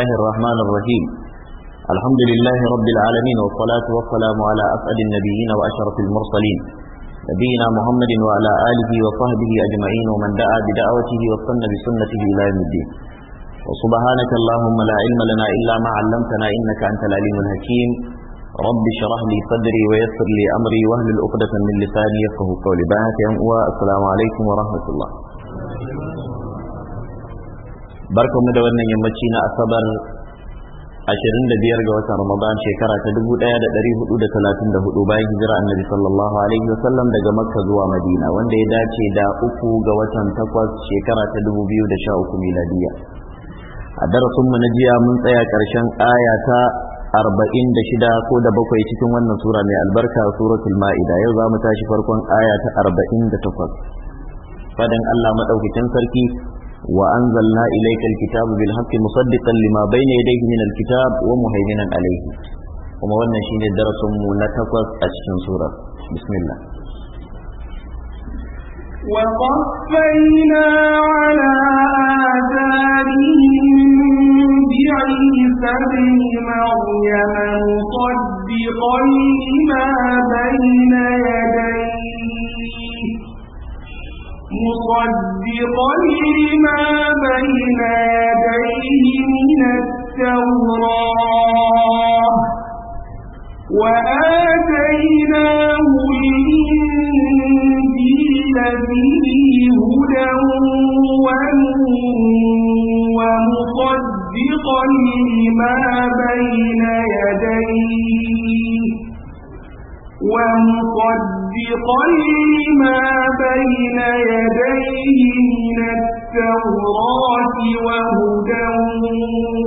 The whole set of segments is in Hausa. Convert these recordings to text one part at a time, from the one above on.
الله الرحمن الرحيم الحمد لله رب العالمين والصلاة والسلام على أسعد النبيين وأشرف المرسلين نبينا محمد وعلى آله وصحبه أجمعين ومن دعا بدعوته واستنى بسنته إلى يوم الدين وسبحانك اللهم لا علم لنا إلا ما علمتنا إنك أنت العليم الحكيم رب شرح لي صدري ويسر لي أمري وأهل الأقدة من لساني يفقه قولي بارك والسلام السلام عليكم ورحمة الله barkanmu da wannan yammaci na asabar 25 ga watan ramadan shekara ta 1434 bayan hijira annabi sallallahu alaihi wasallam daga makka zuwa madina wanda ya dace da uku ga watan takwas shekara ta 2013 miladiya a darasinmu na jiya mun tsaya ƙarshen aya ta arba'in da shida ko da bakwai cikin wannan sura mai albarka suratul ma'ida yau za mu tashi farkon aya ta arba'in da takwas fadin allah maɗaukacin sarki وأنزلنا إليك الكتاب بالحق مصدقا لما بين يديه من الكتاب ومهيمنا عليه وما ولنا شيء درس منتقص أشن سورة بسم الله وقفينا على آثارهم بعيسى بن مريم مصدقا لما بين يديه مصدقا لما بين يديه من التوراة وآتيناه الإنجيل فيه هدى ونور ومصدقا لما بين يديه ومصدقا مصدقا لما بين يديه من التوراة وهدى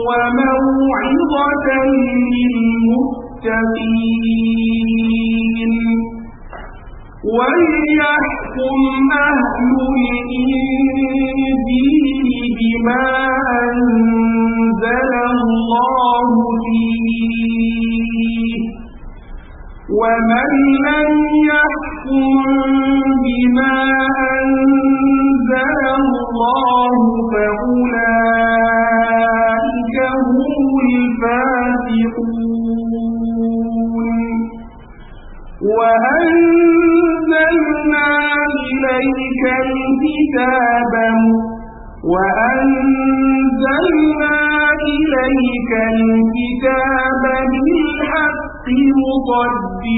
وموعظة للمتقين وليحكم أهل الإنجيل بما أنزل الله فيه ومن لم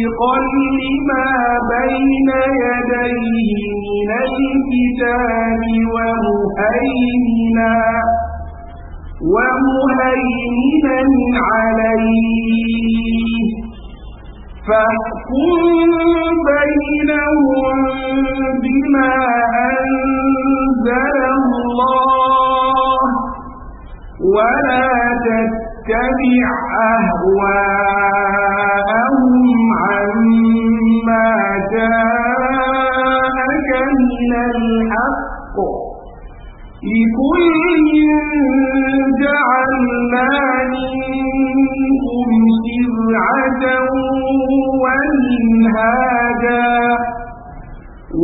بقلب ما بين يديه من الكتاب ومهيمنا ومهيمنا عليه فاحكم بينهم بما أنزل الله ولا تتبع أهواءهم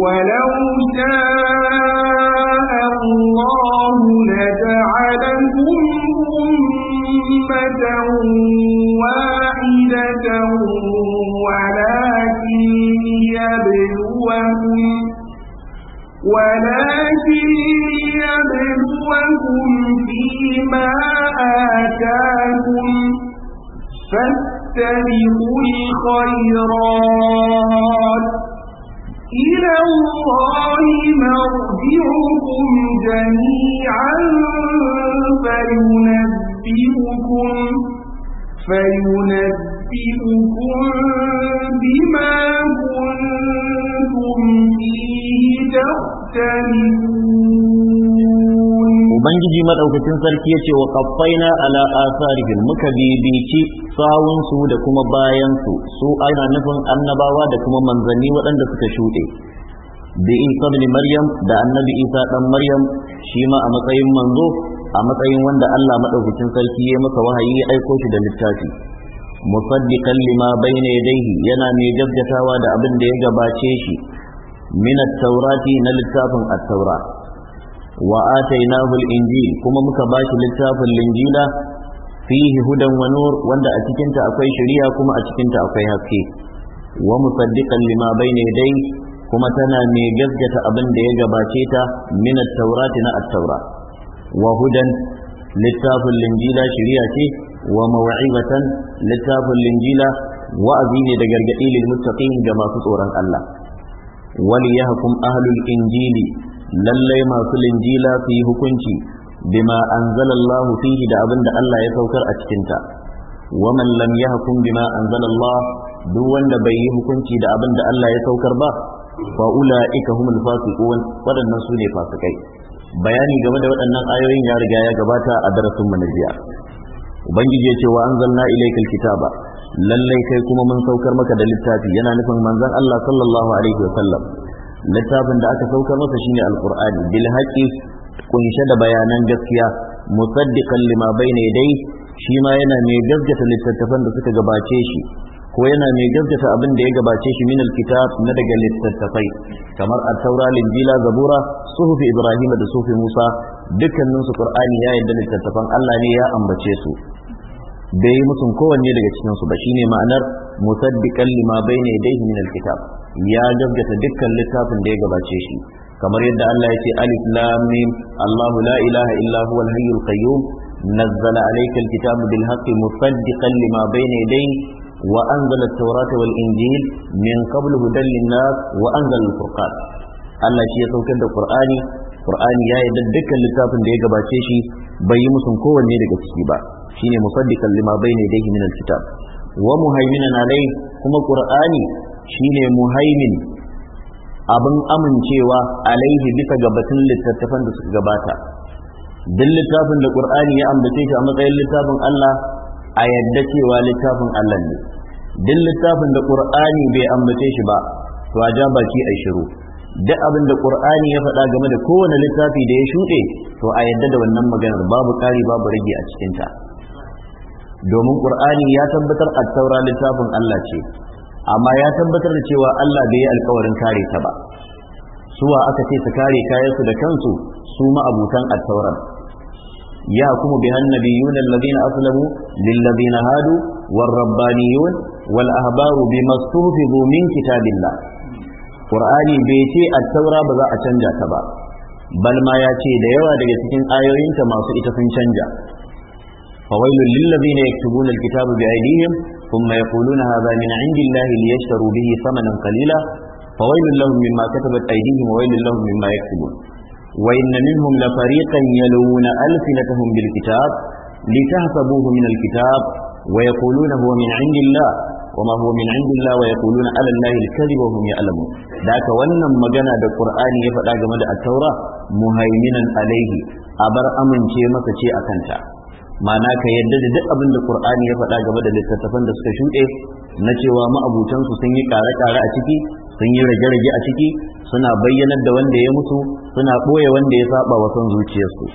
ولو شاء الله لجعلكم أمة واحدة ولكن يبلوكم ولكن يبلوكم فيما آتاكم فاتبعوا الخيرات إلى الله مرجعكم جميعا فينبئكم فينبئكم بما كنتم فيه تختلفون ubangiji madaukakin sarki ya ce wa kaffaina ala asarihim muka bibici sawunsu da kuma bayansu su ana nufin annabawa da kuma manzanni waɗanda suka shuɗe bi isa maryam da annabi isa dan maryam shi ma a matsayin manzo a matsayin wanda Allah madaukakin sarki ya masa wahayi ya aiko shi da littafi musaddiqan lima bayna yadayhi yana mai gaggatawa da abin da ya gabace shi min at-taurati na littafin at-taurat wa atainahu al-injil kuma muka bashi littafin linjila fihi hudan wa wanda a cikin ta akwai shari'a kuma a cikin ta akwai haske wa musaddiqan lima bayna yadai kuma tana mai gaskata abin da ya gabace ta min taurati na at-taura wa hudan littafin linjila shari'a ce wa maw'izatan littafin linjila wa'azi ne da gargaɗi lil muttaqin ga masu tsoron Allah wal yahkum ahlul injili lallai masu linjila su yi hukunci bima anzalallahu fihi da abin da Allah ya saukar a cikinta waman lam yahkum bima anzalallah duk wanda bai yi hukunci da abin da Allah ya saukar ba fa ulaika humul fasiqun waɗannan su ne fasikai bayani game da waɗannan ayoyin ya riga ya gabata a darasin mu na jiya ubangiji ya ce wa anzalna ilaykal kitaba lallai kai kuma mun saukar maka da littafi yana nufin manzon Allah sallallahu alaihi sallam. littafin da aka saukar masa shine alqur'ani bil haqqi kunshe da bayanan gaskiya musaddiqan lima bayna yadai shi ma yana mai gaskata littattafan da suka gabace shi ko yana mai gaskata abin da ya gabace shi min alkitab na daga littattafai kamar at-taura linjila zabura suhufi ibrahim da suhufi musa dukkanin su qur'ani ya yadda littattafan Allah ne ya ambace su bai yi musun kowanne daga cikin su ba shine ma'anar musaddiqan lima bayna yadayhi min alkitab ya gaggata dukkan littafin da ya gabace shi kamar yadda Allah ya ce alif lam mim Allahu la ilaha illa huwal hayyul qayyum nazzala alayka alkitaba bil haqqi musaddiqan lima bayna yadayhi wal injil min qablu hudan Allah shi ya saukar da Qur'ani Qur'ani ya yarda dukkan littafin da ya gabace shi bai yi musun kowanne daga ciki ba shine musaddiqan lima bayna yadayhi min al-kitab wa muhaiminan alayhi kuma Qur'ani shine muhaimin abin amincewa alaihi bisa ga batun littattafan da suka gabata duk littafin da qur'ani ya ambace shi a matsayin littafin Allah a yadda cewa littafin Allah ne duk littafin da qur'ani bai ambace shi ba to a ja baki a shiru duk abin da qur'ani ya faɗa game da kowane littafi da ya shuɗe to a yadda da wannan maganar babu ƙari babu rage a cikinta domin qur'ani ya tabbatar a taura littafin Allah ce amma ya tabbatar da cewa Allah bai yi alkawarin kare ta ba Su wa aka ce su kare kayansu da kansu su ma'abutan attauran ya kuma bi hannabiyun alladhina aslamu lilladhina hadu warrabbaniyun wal ahbaru bima stuhfizu min kitabillah qur'ani bai ce attaura ba za a canja ta ba bal ma ya ce da yawa daga cikin ayoyinta masu ita sun canja fawailul lilladhina yaktubuna alkitaba bi aydihim ثم يقولون هذا من عند الله ليشتروا به ثمنا قليلا فويل لهم مما كتبت أيديهم وويل لهم مما يكسبون وإن منهم لفريقا يلوون ألسنتهم بالكتاب لتحسبوه من الكتاب ويقولون هو من عند الله وما هو من عند الله ويقولون على الله الكذب وهم يعلمون ذاك wannan magana da Qur'ani ya faɗa game da at-Taura muhaiminan alaihi abar amince masa ce akanta mana ka yadda da duk abin da qur'ani ya faɗa game da littattafan da suka shuɗe na cewa ma'abutan su sun yi ƙare-ƙare a ciki sun yi rage-rage a ciki suna bayyanar da wanda ya mutu suna ɓoye wanda ya saba wa son zuciyarsu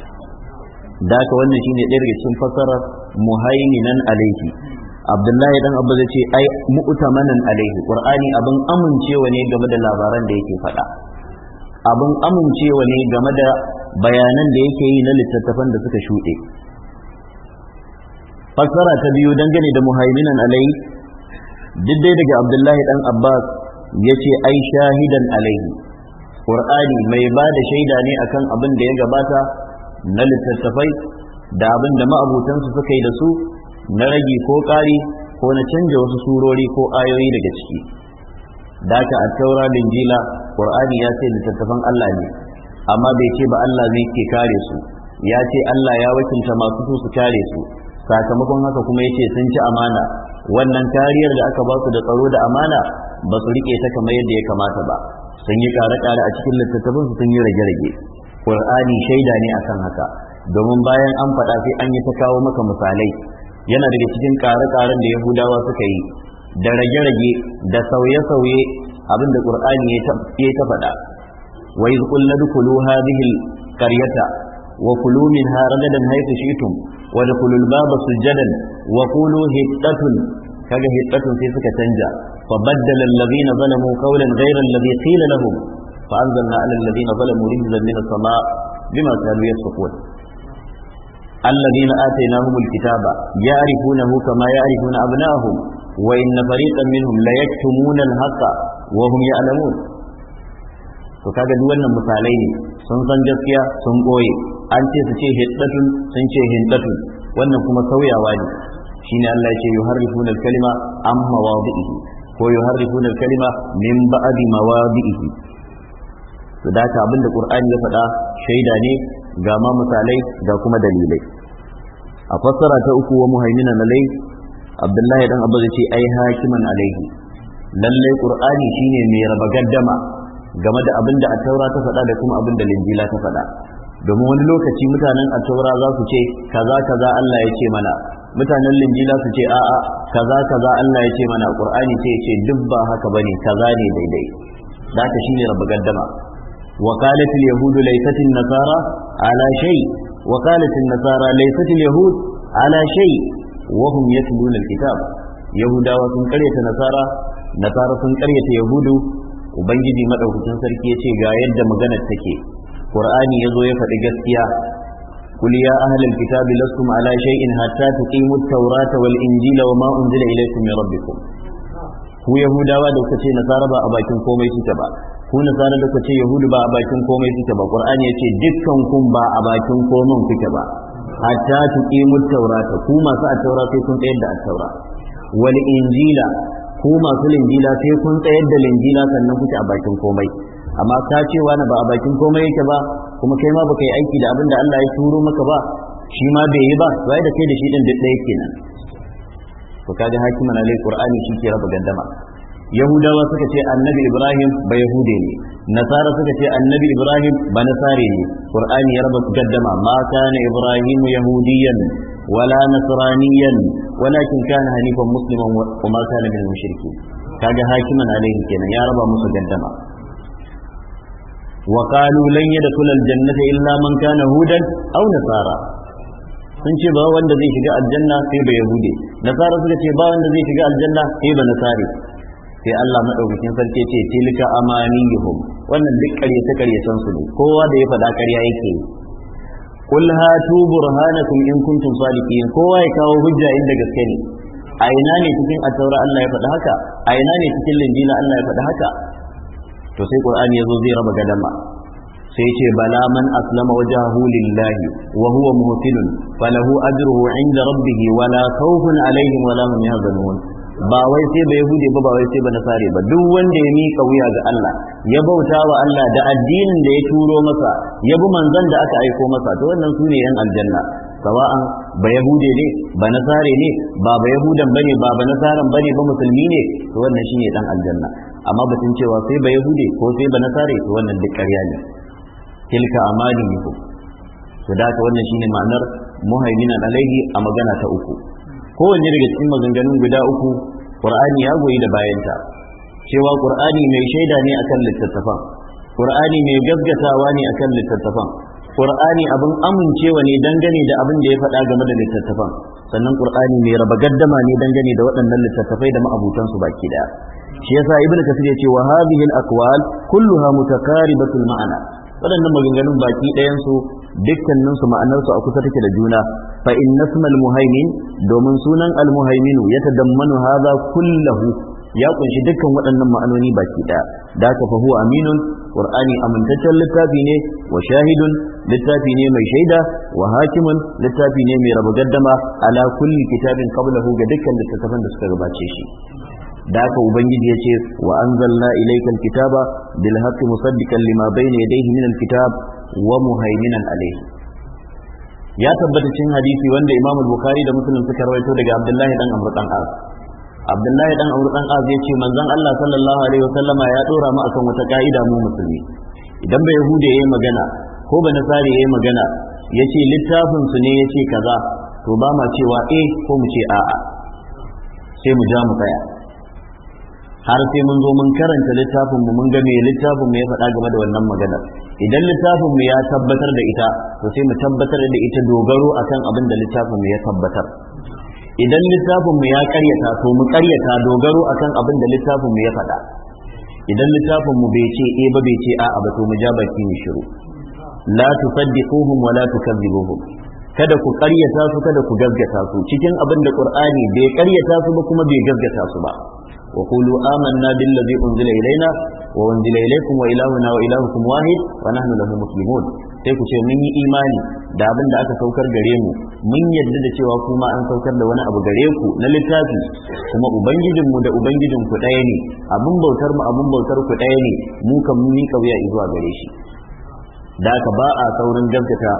da ka wannan shine ɗaya daga cikin fasarar muhaiminan alaihi abdullahi dan abba zai ce ai mu'tamanan alaihi qur'ani abin amincewa ne game da labaran da yake faɗa abin amincewa ne game da bayanan da yake yi na littattafan da suka shuɗe fassara ta biyu dangane da muhaiminan alai duk dai daga abdullahi dan abbas ya ce ai shahidan alaihi ƙur'ani mai ba da shaida ne akan abin da ya gabata na littattafai da abin da ma'abutansu suka yi da su na ragi ko ƙari ko na canja wasu surori ko ayoyi daga ciki da ka a taura Jila, ƙur'ani ya ce littattafan allah ne amma bai ce ba allah zai ke kare su ya ce allah ya wakilta masu su kare su sakamakon haka kuma yace sun ci amana wannan kariyar da aka ba su da tsaro da amana ba su rike ta kamar yadda ya kamata ba sun yi kare-kare a cikin littattafin su sun yi rage-rage qur'ani shaida ne akan haka domin bayan an faɗa sai an yi ta kawo maka misalai yana daga cikin kare-karen da yahudawa suka yi da rage-rage da sauye-sauye abin da qur'ani ya ta faɗa wa iz qulna dukulu hadhihi al-qaryata wa kulu minha ragadan haythu shi'tum ودخل الباب سجدا وقولوا هبتة كذا هبتة في سكة تنجا فبدل الذين ظلموا قولا غير الذي قيل لهم فأنزلنا على الذين ظلموا رجزا من السماء بما كانوا يفسقون الذين آتيناهم الكتاب يعرفونه كما يعرفون أبناءهم وإن فريقا منهم ليكتمون الحق وهم يعلمون to kaga duk wannan misalai ne sun san gaskiya sun boye an ce su ce hiddatun sun ce hiddatun wannan kuma sauyawa ne shine Allah ya ce yuharrifuna al-kalima an mawadi'ihi ko yuharrifuna al-kalima min ba'di mawadi'ihi to da ka abinda Qur'ani ya faɗa shaida ne ga ma misalai ga kuma dalilai a fassara ta uku wa muhaiminan alai Abdullahi dan Abba ce ai hakiman alaihi lallai Qur'ani shine mai raba gaddama game da abinda a taura ta faɗa da kuma abinda linjila ta faɗa domin wani lokaci mutanen attaura za su ce kaza kaza Allah ya ce mana mutanen linjila su ce a'a kaza kaza Allah ya ce mana qur'ani ce ya ce duk ba haka bane kaza ne daidai zaka shine rabu gaddama wa qalat al yahud laysat nasara ala shay wa qalat nasara laysat al yahud ala shay wa hum al kitab yahudawa sun karyata nasara nasara sun karyata yahudu ubangiji madaukakin sarki ya ce ga yadda maganar take qur'ani yazo ya faɗi gaskiya قل يا أهل الكتاب لستم على شيء حتى تقيموا التوراة والإنجيل وما أنزل إليكم من ربكم ku yahudawa da ba a bakin komai suke ba ku nasara da kuka ce yahudu ba a bakin komai suke ba qur'ani yace dukkan kun ba a bakin komai kuke ba hatta tuqimut taurata ku masu at sai kun tsayar da at-taura ku masu linjila sai tsayar da linjila sannan kuke a bakin komai amma ka ce wani ba a bakin komai yake ba kuma kai ma baka yi aiki da abin da Allah ya turo maka ba shi ma bai yi ba wai da kai da shi din duk ɗaya kenan to kaga hakiman alai qur'ani shi ke raba gandama yahudawa suka ce annabi ibrahim ba yahude ne nasara suka ce annabi ibrahim ba nasare ne qur'ani ya raba gandama ma kana ibrahim yahudiyan wala nasraniyan walakin kana hanifan musliman wa ma kana min mushriki kaga hakiman alaihi kenan ya raba musu gandama. wa qalu lan yadkhul aljannata illa man kana hudan aw nasara sun ce ba wanda zai shiga aljanna sai ba yahude nasara suka ce ba wanda zai shiga aljanna sai ba nasari sai Allah madaukakin sarki ce tilka amaniyuhum wannan duk ƙaryace san su ne kowa da ya faɗa ƙarya yake kul hatu burhanakum in kuntum sadiqin kowa ya kawo hujja inda gaske ne a ina ne cikin attaura Allah ya faɗi haka a ina ne cikin linjila Allah ya faɗi haka to sai qur'ani yazo zai raba gadama sai ce bala man aslama wajahu lillahi wa huwa muhsinun falahu ajruhu inda rabbih wala khawfun alaihim wala hum yahzanun ba wai sai ba yahudi ba ba wai sai ba nasare ba duk wanda ya mika wuya ga Allah ya bauta wa Allah da addinin da ya turo masa ya bi manzon da aka aiko masa to wannan sune yan aljanna sawa'an ba yahude ne ba nasare ne ba ba yahudan bane ba ba nasaran bane ba musulmi ne to wannan shine dan aljanna amma batun cewa sai ba yahude ko sai ba nasare to wannan duk ƙarya ne tilka ku to da ka wannan shine ma'anar muhaimin alaihi a magana ta uku kowanne daga cikin maganganun guda uku qur'ani ya goyi da bayanta cewa qur'ani mai shaida ne akan littattafan qur'ani mai gaggatawa ne akan littattafan qur'ani abin amincewa ne dangane da abin da ya faɗa game da littattafan sannan qur'ani mai raba gaddama ne dangane da waɗannan littattafai da ma'abutansu baki daya shi yasa ibnu kasir yace wa hadhihi al-aqwal kulluha mutakaribatul ma'ana wadannan maganganun baki ɗayan su dukkanin su ma'anar su a kusa take da juna fa inna ismal muhaimin domin sunan al-muhaiminu yatadammanu hadha kullahu ya kunshi dukkan waɗannan ma'anoni baki ɗaya da aka fahu aminun qur'ani amintaccen littafi ne wa shahidun littafi ne mai shaida wa hakimun littafi ne mai raba gaddama ala kulli kitabin qablahu ga dukkan littattafan da suka gabace shi da haka ubangiji yace wa anzalna ilayka alkitaba bil haqqi musaddiqan lima bayna yadayhi min alkitab wa muhaiminan alayhi ya tabbata cikin hadisi wanda Imam Bukhari da Muslim suka rawaito daga Abdullahi dan Amr dan Az Abdullahi dan Amr dan Az ce, manzon Allah sallallahu alaihi wasallama ya dora mu akan wata ka'ida mu musulmi idan bai yahude yayi magana ko ba nasari yayi magana yace littafin su ne yace kaza to ba ma cewa eh ko mu ce a'a sai mu ja mu tsaya har sai mun zo mun karanta littafin mu mun ga me littafin mu ya faɗa game da wannan magana idan littafin mu ya tabbatar da ita to sai mu tabbatar da ita dogaro akan abin da littafin mu ya tabbatar idan littafin mu ya ƙaryata to mu ƙaryata dogaro akan abin da littafin mu ya faɗa idan littafin mu bai ce e ba bai ce a'a ba to mu ja baki mu shiru la tusaddiquhum wa la tukazzibuhum kada ku ƙaryata su kada ku gaggata su cikin abin da qur'ani bai ƙaryata su ba kuma bai gaggata su ba wa qulu zai billazi unzila ilaina wa unzila ilaykum wa ilahuna wa ilahukum wahid wa nahnu lahu muslimun sai ku ce mun yi imani da abin da aka saukar gare mu mun yarda da cewa kuma an saukar da wani abu gare ku na littafi kuma ubangijin mu da ubangijin ku ɗaya ne abin bautar mu abin bautar ku ɗaya ne mu kan mun yi kauya zuwa gare shi da aka ba a saurin gaggata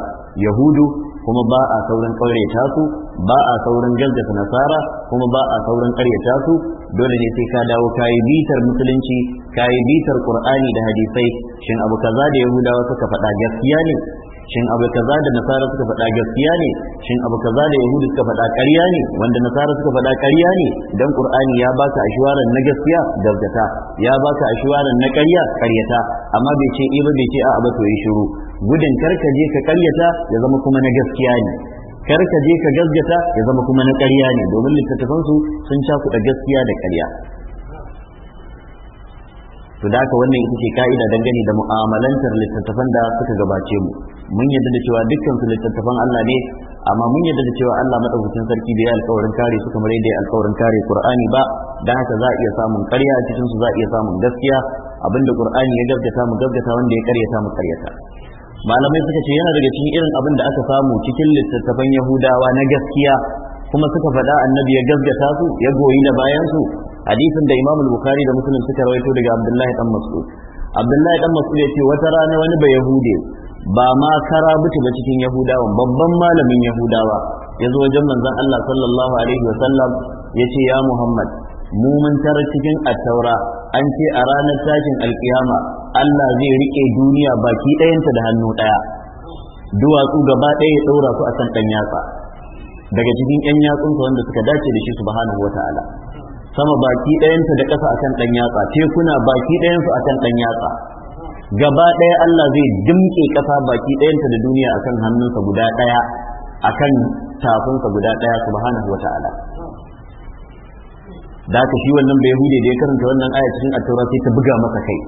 yahudu kuma ba a sauran ƙaryata su ba a sauran gaggata nasara kuma ba a sauran ƙaryata su dole ne sai ka dawo ka yi bitar musulunci ka yi bitar qur'ani da hadisai shin abu kaza da yahudawa suka faɗa gaskiya ne shin abu kaza da nasara suka faɗa gaskiya ne shin abu kaza da yahudu suka faɗa ƙarya ne wanda nasara suka faɗa ƙarya ne dan qur'ani ya baka ashwaran na gaskiya gaskata ya baka ashwaran na ƙarya ƙaryata amma bai ce eh ba bai ce a abu to yi shiru gudun karka je ka ƙaryata ya zama kuma na gaskiya ne kar ka je ka gaskata ya zama kuma na ƙarya ne domin littattafan su sun cakuɗa gaskiya da ƙarya to da haka wannan ita ce ka'ida dangane da mu'amalantar littattafan da suka gabace mu mun yadda da cewa dukkan su littattafan Allah ne amma mun yadda da cewa Allah madaukakin sarki da ya alƙawarin kare su kamar yadda alƙawarin kare Qur'ani ba da haka za a iya samun ƙarya a cikin su za a iya samun gaskiya abinda Qur'ani ya gaskata mu gaskata wanda ya ƙaryata mu ƙaryata malamai suka ce yana daga cikin irin abin da aka samu cikin littattafan Yahudawa na gaskiya kuma suka faɗa annabi ya gaskata su ya goyi da bayan su hadisin da Imam Bukhari da Muslim suka rawaito daga Abdullahi dan Mas'ud Abdullahi dan Mas'ud ya ce wata rana wani bai Yahude ba ma kara karabutu ba cikin yahudawa babban malamin yahudawa ya zo wajen manzon Allah sallallahu alaihi wasallam ya ce ya Muhammad mu mun tara cikin attaura an ce a ranar tashin alkiyama Allah zai rike duniya baki ɗayanta da hannu ɗaya duwatsu gaba ɗaya ya ɗaura su a kan ɗan yatsa daga cikin yatsun yatsunsa wanda suka dace da shi subhanahu wata'ala sama baki ɗayanta da ƙasa akan ɗan yatsa tekuna baki ɗayansu akan ɗan yatsa gaba ɗaya Allah zai dimke ƙasa baki ɗayanta da duniya akan hannunsa guda ɗaya akan tafinsa guda ɗaya subhanahu wa ta'ala da aka shi wannan bai hude da ya karanta wannan aya cikin attaura sai ta buga masa kai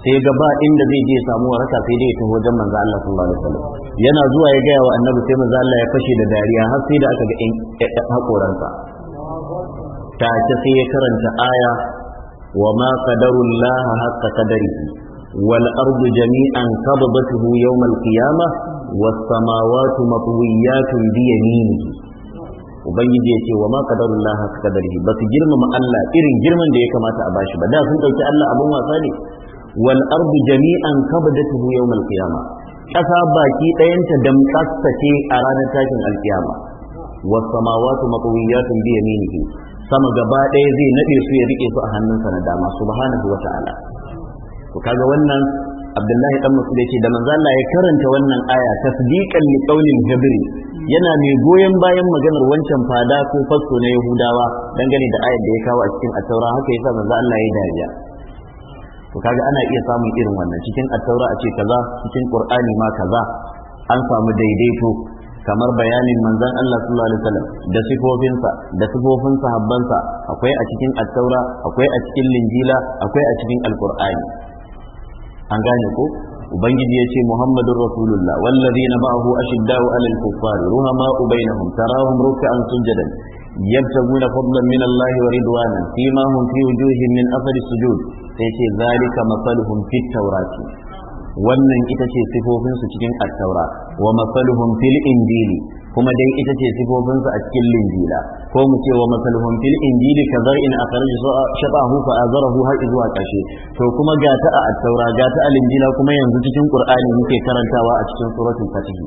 sai gaba inda zai je samu waraka sai dai ya taho wajen manzo Allah sallallahu alaihi wasallam yana zuwa ya gaya wa annabi sai manzo Allah ya fashe da dariya har sai da aka ga in eh, eh, hakoransa ta ce sai ya karanta aya wa ma qadarullah haqqa qadarihi والأرض جميعا قبضته يوم القيامة والسماوات مطويات بيمينه ubangiji ya ce wa ma qadarullah haka qadarihi ba su girmama Allah irin girman da ya kamata a bashi ba da sun ɗauki Allah abun wasa ne wal ardu jami'an qabdatuhu yawm yau Malkiyama, ƙasa baki dayanta damtsatsa ce a ranar tashin al qiyama was samawati matwiyatun bi yaminihi sama gaba ɗaya zai nade su ya rike su a hannunsa na dama subhanahu wa ta'ala to kaga wannan Abdullahi dan Mas'ud yake da manzo Allah ya karanta wannan aya tasdiqan li qawlin jabri yana mai goyon bayan maganar wancan fada ko fasto na Yahudawa dangane da ayar da ya kawo a cikin Attaura haka yasa manzo Allah ya dariya to kaga ana iya samun irin wannan cikin Attaura a ce kaza cikin Qur'ani ma kaza an samu daidaito kamar bayanin manzon Allah sallallahu alaihi wasallam da sifofinsa da sifofin sahabbansa akwai a cikin Attaura akwai a cikin Linjila akwai a cikin al-qur'ani an gane ko ubangiji ya ce muhammadun rasulullah wallazina ma'ahu ashiddau alal kuffar ruhama bainahum tarahum ruk'an sujadan يبتغون فضلا wa ridwanan ورضوانا فيما هم في وجوههم من اثر sai سيتي ذلك مثلهم في التوراة wannan ita ce sifofinsu cikin attaura wa masaluhum fil injili kuma dai ita ce sifofinsa a cikin linjila ko mu ce wa masalhun fil injili ka zar'in akhraj shabahu fa azarahu har zuwa ƙarshe to kuma ga ta a taura ga ta a linjila kuma yanzu cikin qur'ani muke karantawa a cikin suratul fatih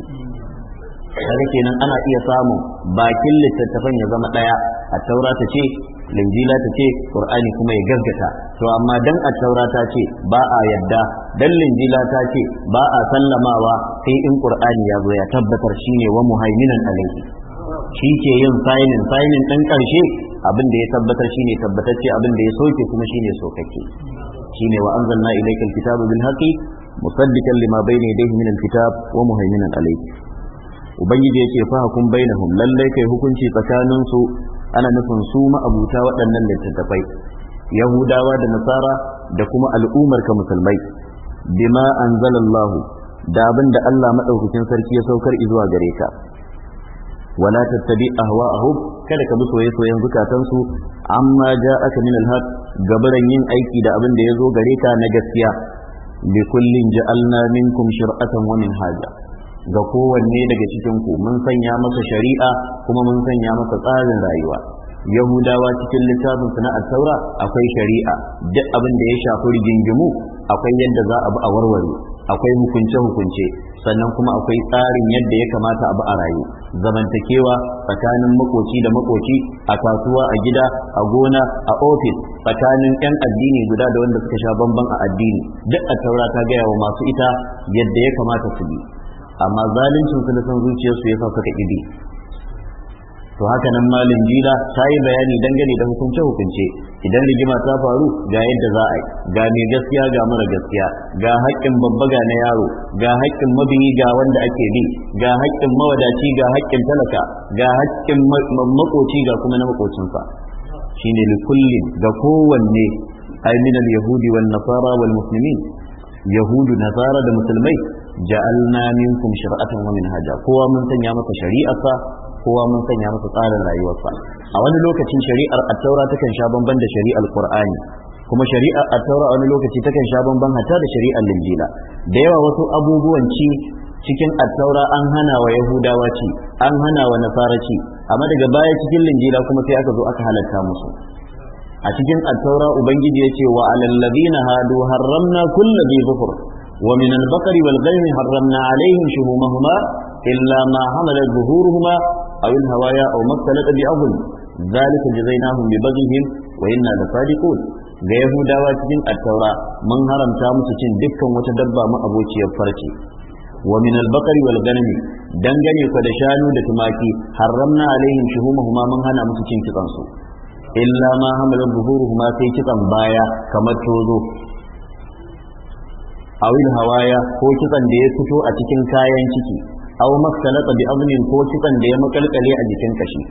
kaga kenan ana iya samun bakin littattafan ya zama daya a taura ta ce linjila ta ce qur'ani kuma ya gaggata to amma dan a taura ta ce ba a yadda dan linjila ta ce ba a sallamawa sai in qur'ani ya zo ya tabbatar shine wa muhaiminan alaihi shi ke yin sainin sainin dan karshe abin da ya tabbatar shine tabbatacce abin da ya soke kuma shine sokake shine wa anzalna ilayka alkitaba bil haqi musaddiqan lima bayna yadayhi min alkitab wa muhaiminan alaihi ubangiji yake fa hukum bainahum lallai kai hukunci tsakaninsu. ana nufin su ma'abuta waɗannan littattafai yahudawa da nasara da kuma al'ummar ka musulmai bima anzalallahu da abin da Allah maɗaukakin sarki ya saukar zuwa gare ka wala tattabi ahwa'ahum kada ka bi soye-soyen zukatansu amma ja'aka min al-haq gabaran yin aiki da abin da ya zo gare ka na gaskiya bi kullin ja'alna minkum shir'atan wa minhaja ga kowanne daga cikin ku mun sanya masa shari'a kuma mun sanya masa tsarin rayuwa yahudawa cikin littafin su na saura akwai shari'a duk abin da ya shafi rigingimu akwai yadda za a bi a warware akwai hukunce hukunce sannan kuma akwai tsarin yadda ya kamata a bi a rayu zamantakewa tsakanin makoci da makoci a kasuwa a gida a gona a ofis tsakanin yan addini guda da wanda suka sha bamban a addini duk attaura ta gaya wa masu ita yadda ya kamata su bi amma zalincin su da son zuciyarsu ya sa suka ibi to haka nan malin jila ta yi bayani dangane da hukunce hukunce idan rigima ta faru ga yadda za a yi ga mai gaskiya ga mara gaskiya ga haƙƙin babba na yaro ga haƙƙin mabiyi ga wanda ake bi ga haƙƙin mawadaci ga haƙƙin talaka ga haƙƙin makoci ga kuma na makocinsa shine likullin ga kowanne ai yahudi wal nasara wal muslimin yahudu nasara da musulmai ja'alna minkum shir'atan wa minhaja kowa mun sanya masa shari'arsa kowa mun sanya masa tsarin rayuwarsa a wani lokacin shari'ar at-taura takan sha bamban da shari'ar qur'ani kuma shari'ar at-taura a wani lokaci takan sha bamban hatta da shari'ar linjila da yawa wasu abubuwan ci cikin taura an hana wa yahudawa ci an hana wa nasara ci amma daga baya cikin linjila kuma sai aka zo aka halarta musu a cikin taura ubangiji ya ce wa na hadu harramna kulli bi zufur ومن البقر والغنم حرمنا عليهم شهومهما إلا ما حملت ظهورهما أو الهوايا أو ما اختلط بأظلم ذلك جزيناهم ببغيهم وإنا لصادقون ga Yahudawa cikin attaura mun haramta musu cin dukkan wata dabba mu abokiyar farce wa min al-baqari wal ganami dangane ku da shanu da tumaki haramna alaihim shuhumahuma mun hana musu cin kitsan su illa ma hamalan buhuruhuma sai kitsan baya kamar tozo awil hawaya ko kitsan da ya fito a cikin kayan ciki aw maktalata bi azmin ko kitsan da ya makalkale a jikin kashi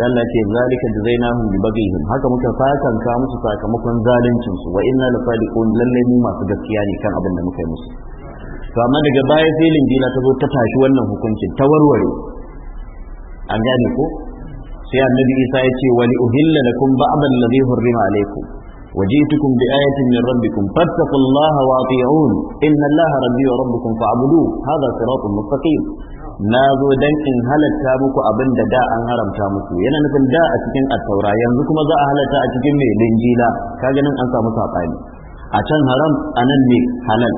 Allah ce zalika jazainahum bi baghihim haka muka fakan ka musu sakamakon zaluncin su wa inna lafadiqun lalle mu masu gaskiya ne kan abin da muka yi musu to amma daga baya sai linjila ta zo ta tashi wannan hukuncin ta warware an gane ko sai annabi Isa ya ce wali uhilla lakum ba'd allazi hurrima alaikum وجئتكم بآية من ربكم فاتقوا الله وأطيعون إن الله ربي وربكم فاعبدوه هذا صراط مستقيم na zo dan in halatta muku abinda da an haramta muku yana nufin da a cikin attaura yanzu kuma za a halatta a cikin mai linjila kaga nan an samu saɓani a can haram a nan ne halal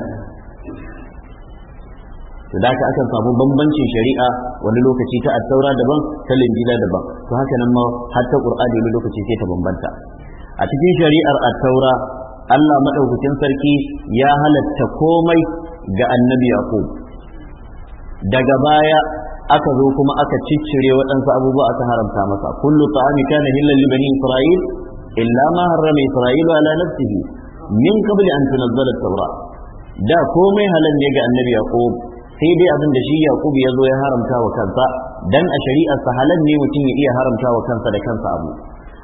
to da ka akan samu bambancin shari'a wani lokaci ta attaura daban ta linjila daban to haka ma har ta qur'ani wani lokaci sai ta bambanta a cikin shari'ar at-taura Allah madaukakin sarki ya halatta komai ga annabi yaqub daga baya aka zo kuma aka ciccire waɗansu abubuwa aka haramta masa kullu ta'ami kana hillan li bani isra'il illa ma harrama isra'il ala nafsihi min qabli an tunzala at-taura da komai halal ne ga annabi yaqub sai dai abin da shi yaqub ya zo ya haramta wa kansa dan a shari'ar sa halal ne mutum ya iya haramta wa kansa da kansa abu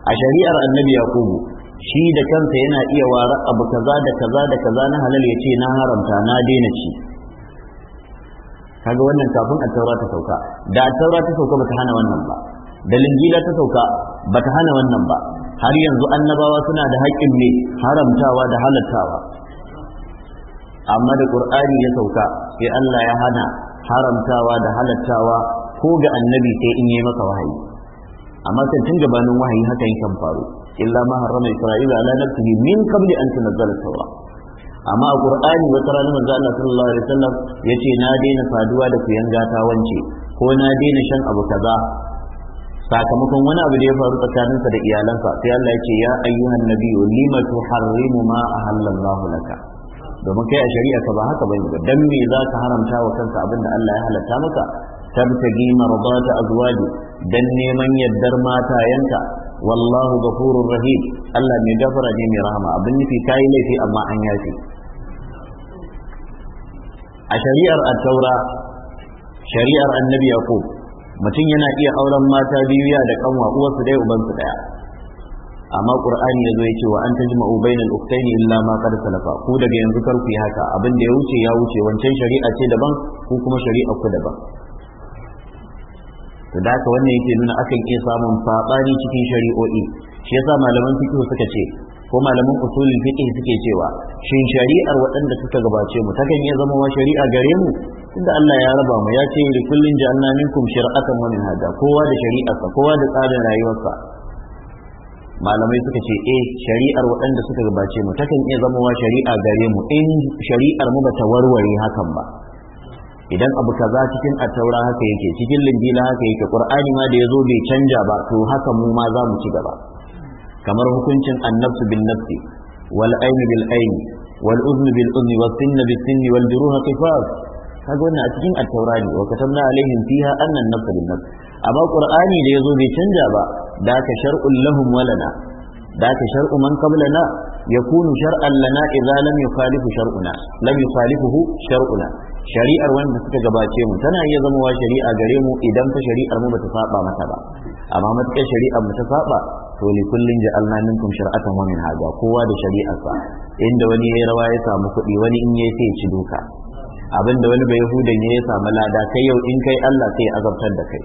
a shari'ar annabi yakubu shi da kansa yana iya ware abu kaza da kaza da kaza na halal ya ce na haramta na daina ci kaga wannan kafin attaura ta sauka da attaura ta sauka bata hana wannan ba da lingila ta sauka bata hana wannan ba har yanzu annabawa suna da haƙƙin ne haramtawa da halattawa amma da qur'ani ya sauka sai Allah ya hana haramtawa da halattawa ko ga annabi sai in yi maka wahayi amma kan tun gabanin wahayi haka yakan faru illa ma harrama isra'ila ala nafsihi min qabli an tunzala tawra amma a qur'ani wata ranar manzo Allah sallallahu alaihi wasallam yace na daina faduwa da ku yanga ta wance ko na daina shan abu kaza sakamakon wani abu da ya faru tsakaninsa da iyalansa sai Allah ya ce ya ayyuhan nabiyyu lima tuharrimu ma ahallallahu laka domin kai a shari'a ka ba haka bane ba dan me za ka haramta wa kanka abin da Allah ya halatta maka tabtagi marzata azwaji dan neman yaddar matayanka wallahu ghafurur rahim Allah mai gafara ne mai rahama abin nufi kai laifi amma an yafi a shari'ar at-taura shari'ar annabi yaqub mutum yana iya auren mata biyu ya da kanwa uwarsu dai ubansu daya amma qur'ani yazo yace wa an tajma'u bainal ukhtaini illa maka qad salafa ku daga yanzu kar ku yi haka abin da ya wuce ya wuce wancan shari'a ce daban ko kuma shari'a ku daban to da haka wannan yake nuna akan iya samun sabani cikin shari'o'i shi yasa malaman fiqh suka ce ko malaman usulin fiqh suke cewa shin shari'ar waɗanda suka gabace mu takan iya zama shari'a gare mu tunda Allah ya raba mu ya ce li kullin ja'alna minkum shir'atan wa minhaja kowa da shari'arsa kowa da tsarin rayuwarsa malamai suka ce eh shari'ar waɗanda suka gabace mu takan iya zama shari'a gare mu in shari'ar mu ta warware hakan ba idan abu kaza cikin attaura haka yake cikin linjila haka yake qur'ani ma da yazo bai canja ba to haka mu ma za mu ci gaba kamar hukuncin annafsu bin nafsi wal aini bil aini wal uzni bil uzni was sinna bis sinni wal juruha qisas kaga wannan a cikin attaura ne wa katabna alaihim fiha anna an-nafsa bin nafs amma qur'ani da yazo bai canja ba da ka shar'un lahum walana da ka shar'u man qablana yakunu shar'an lana idza lam yukhalifu shar'una lam yukhalifuhu shar'una shari'ar wanda suka gabace mu tana iya zama wa shari'a gare mu idan ta shari'ar mu bata saba mata ba amma matakar shari'ar mu ta saba to li kullin ja'alna minkum shari'atan wa minhaja kowa da shari'arsa inda wani yayi rawa ya samu kuɗi wani in yayi sai ya ci duka abinda wani bai yahudan ya samu lada kai yau in kai Allah sai azabtar da kai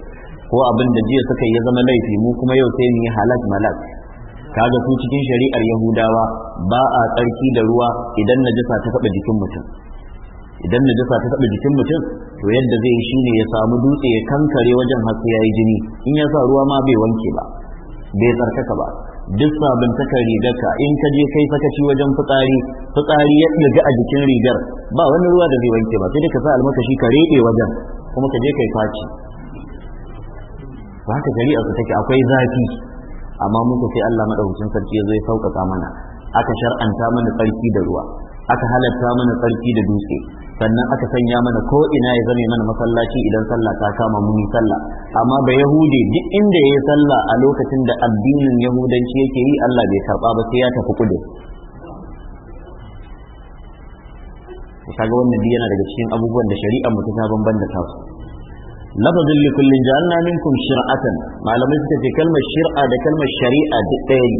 ko abinda jiya suka ya zama laifi mu kuma yau sai mu yi halak malak kaga su cikin shari'ar yahudawa ba a tsarki da ruwa idan najasa ta taɓa jikin mutum idan najasa ta taɓa jikin mutum to yadda zai yi ne ya samu dutse ya kankare wajen haske ya yi jini in ya sa ruwa ma bai wanke ba bai tsarkaka ba duk sabuntakar rigarka in ka je kai sakaci wajen fitsari fitsari ya ɗiga a jikin rigar ba wani ruwa da zai wanke ba sai dai ka sa almakashi ka reɗe wajen kuma ka je kai faci ba ka shari'a su take akwai zafi amma muka sai Allah madaukakin sarki ya zo ya sauƙaƙa mana aka shar'anta mana tsarki da ruwa aka halatta mana tsarki da dutse sannan aka sanya mana ko ina ya zame mana masallaci idan sallah ta kama mun yi sallah amma ba yahudi duk inda yayi sallah a lokacin da addinin yahudanci yake yi Allah bai karba ba sai ya tafi kudu kaga wannan duk yana daga cikin abubuwan da shari'a mu ta bamban da tasu lafazin li kullin ja'alna minkum shir'atan malamai suka ce kalmar shir'a da kalmar shari'a duk ɗaya ne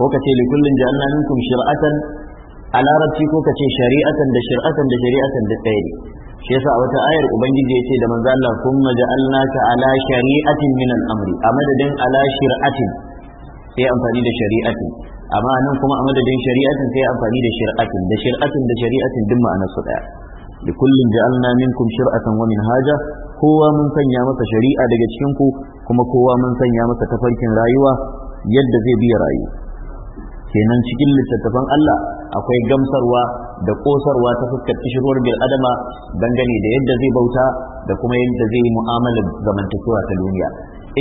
ko ka ce li kullin ja'alna minkum shir'atan a larabci ko kace shari'atan da shir'atan da shari'atan da tsaye shi yasa a wata ayar ubangiji ya ce da manzo Allah kuma ja'alnaka ala shari'atin min al-amri a madadin ala shir'atin sai amfani da shari'atin amma nan kuma a madadin shari'atin sai amfani da shir'atin da shir'atin da shari'atin duk ma'ana su daya لكل جعلنا منكم شرعة ومنهاجا هو من سنيا مسا شريعة دقا تشنكو kuma kowa mun sanya masa tafarkin rayuwa, yadda zai biya رايوة kenan cikin littattafan Allah akwai gamsarwa da kosarwa ta fuskar kishirwar bil adama dangane da yadda zai bauta da kuma yadda zai yi mu'amalar zamantakewa ta duniya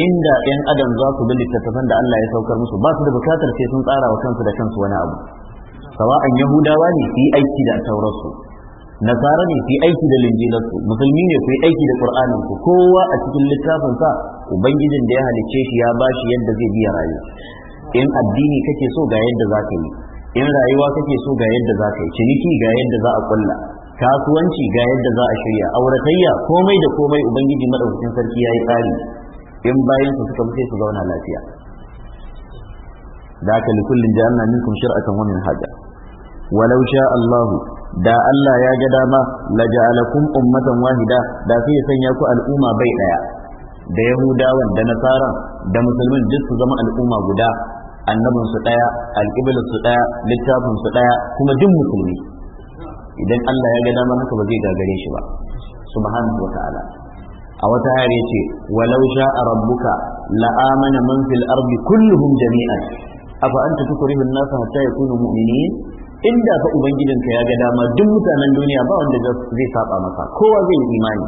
inda yan adam za su bi littattafan da Allah ya saukar musu ba su da bukatar sai sun tsara wa kansu da kansu wani abu sawa'an yahudawa ne su yi aiki da taurarsu nasara ne su aiki da linjilarsu musulmi ne su aiki da qur'anin kowa a cikin littafinsa sa ubangijin da ya halicce shi ya bashi yadda zai biya rayu in addini kake so ga yadda za ka yi in rayuwa kake so ga yadda za ka yi ciniki ga yadda za a kulla kasuwanci ga yadda za a shirya auratayya komai da komai ubangiji madaukakin sarki ya yi tsari in bayan su suka mutu su zauna lafiya da aka likullin ana minkum shir'atan wa haja. walau sha Allah da Allah ya ga dama la ja'alakum ummatan wahida da sai sanya ku al'umma bai daya da yahudawan da nasaran da musulmin duk su zama al'umma guda annabin su daya alƙiblin su daya littafin su daya kuma duk musulmi idan Allah ya ga dama haka ba zai gagare shi ba subhanahu wa ta'ala a wata ayar yace walau sha'a rabbuka la amana man fil ardi kulluhum jami'an afa anta tukrihu an-nas hatta yakunu mu'minin inda fa ubangijinka ya ga dama duk mutanen duniya ba wanda zai saba maka kowa zai yi imani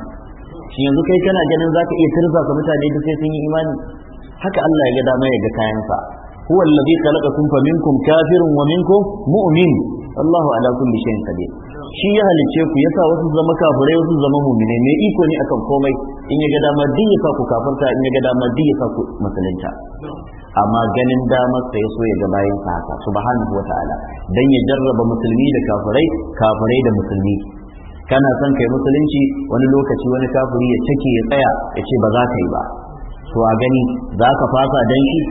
shi yanzu kai kana ganin zaka iya tirza mutane duk sai sun yi imani haka Allah ya ga dama ya ga kayansa huwa allazi khalaqakum faminkum kafirun wa minkum mu'min Allahu ala kulli shay'in qadir shi ya halice ku yasa wasu zama kafirai wasu zama mu'mine Me iko ne akan komai in ya ga dama duk ya sa ku kafirta in ya ga dama duk ya sa ku musulunta amma ganin damar sa ya so ya ga bayan sa haka subhanahu wataala dan ya jarraba musulmi da kafirai kafirai da musulmi kana son kai musulunci wani lokaci wani kafiri ya take ya tsaya ya ce ba za ka yi ba to a gani za ka fasa dan shi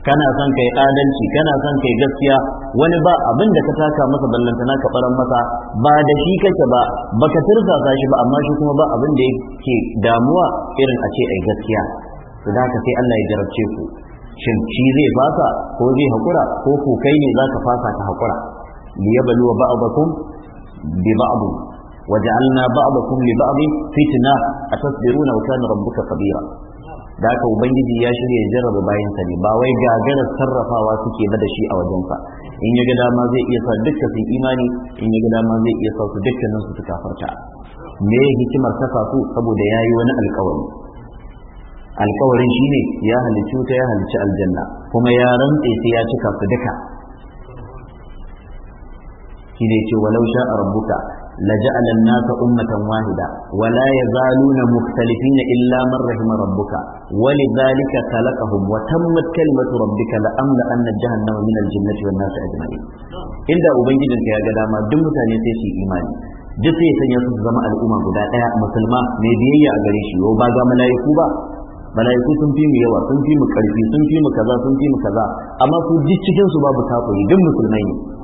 kana son kai adalci kana son kai gaskiya wani ba abin da ka taka masa ballantana ka baran masa ba da shi kake ba baka tirsasa shi ba amma shi kuma ba abin da yake damuwa irin a ce ai gaskiya to da sai Allah ya jarabce ku shin shi zai fasa ko zai hakura ko ku kai ne zaka fasa ta hakura liyabluwa ba'dakum bi ba'd وجعلنا بعضكم لبعض فتنة أتصبرون وكان ربك قديرا da haka ubangiji ya shirya jarraba bayan sa ne ba wai gagarar sarrafawa suke ba da shi a wajensa in ya ga dama zai iya sa dukkan su imani in ya ga dama zai iya sa su dukkanin su kafarta me ya hikimar kasa su saboda yi wani alkawari alkawarin ne ya halicci wuta ya halicci aljanna kuma ya rantse sai ya cika su duka shine ce walau sha rabbuka لجعل الناس أمة واحدة ولا يزالون مختلفين إلا من رحم ربك ولذلك خلقهم وتمت كلمة ربك لأملأن جهنم من الجنة والناس أجمعين إذا أبنجد أنت يا قدامة دمت ya ga إيماني duk sai sanya su zama al'umma guda ɗaya musulma mai biyayya a gare shi ba ga mala'iku ba sun fi mu yawa sun fi mu karfi sun fi mu kaza sun fi mu kaza amma su duk cikin su babu kafiri duk musulmai ne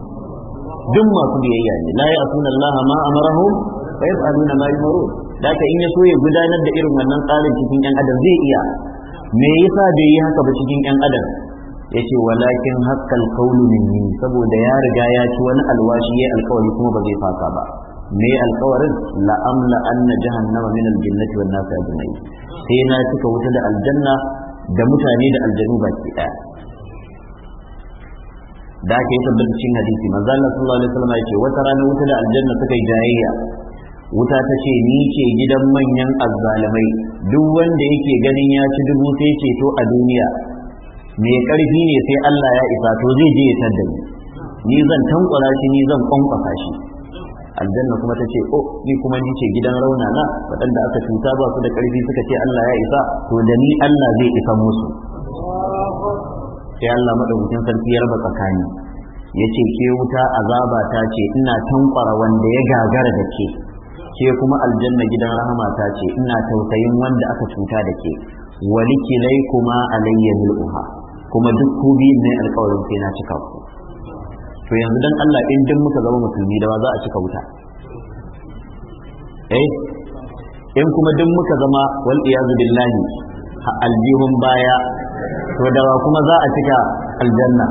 duk masu biyayya ne la ya asuna Allah ma amarahum fa yaf'aluna ma yumarun da ka in ya so ya gudanar da irin wannan tsarin cikin yan adam zai iya me yasa bai yi haka ba cikin yan adam yace walakin haqqal qawlu minni saboda ya riga ya ci wani alwashi ya alkawari kuma ba zai fasa ba me alkawarin la amla anna jahannama min aljannati wan nas ajma'in sai na cika wuta da aljanna da mutane da aljanu baki daya da aka yi tabbata cikin hadisi manzo Allah sallallahu alaihi wasallam yace wata rana wuta da aljanna suka jayayya wuta ta ce ni ce gidan manyan azzalimai duk wanda yake ganin ya ci dubu sai ce to a duniya me karfi ne sai Allah ya isa to zai je ya tadda ni zan tankwara shi ni zan kwankwasa shi aljanna kuma ta ce oh ni kuma ni ce gidan rauna na waɗanda aka cuta ba su da karfi suka ce Allah ya isa to da ni Allah zai isa musu sai Allah madaukakin sarki ya raba tsakani yace ke wuta azaba ta ce ina tankwara wanda ya gagara da ke ke kuma aljanna gidan rahama ta ce ina tausayin wanda aka cuta da ke walikilai kuma alayya mil'uha kuma duk ku bi ne alƙawarin sai na cika ku to yanzu dan Allah in duk muka zama musulmi da ba za a cika wuta eh in kuma duk muka zama wal iyazu billahi aljihun baya to da kuma za a cika aljanna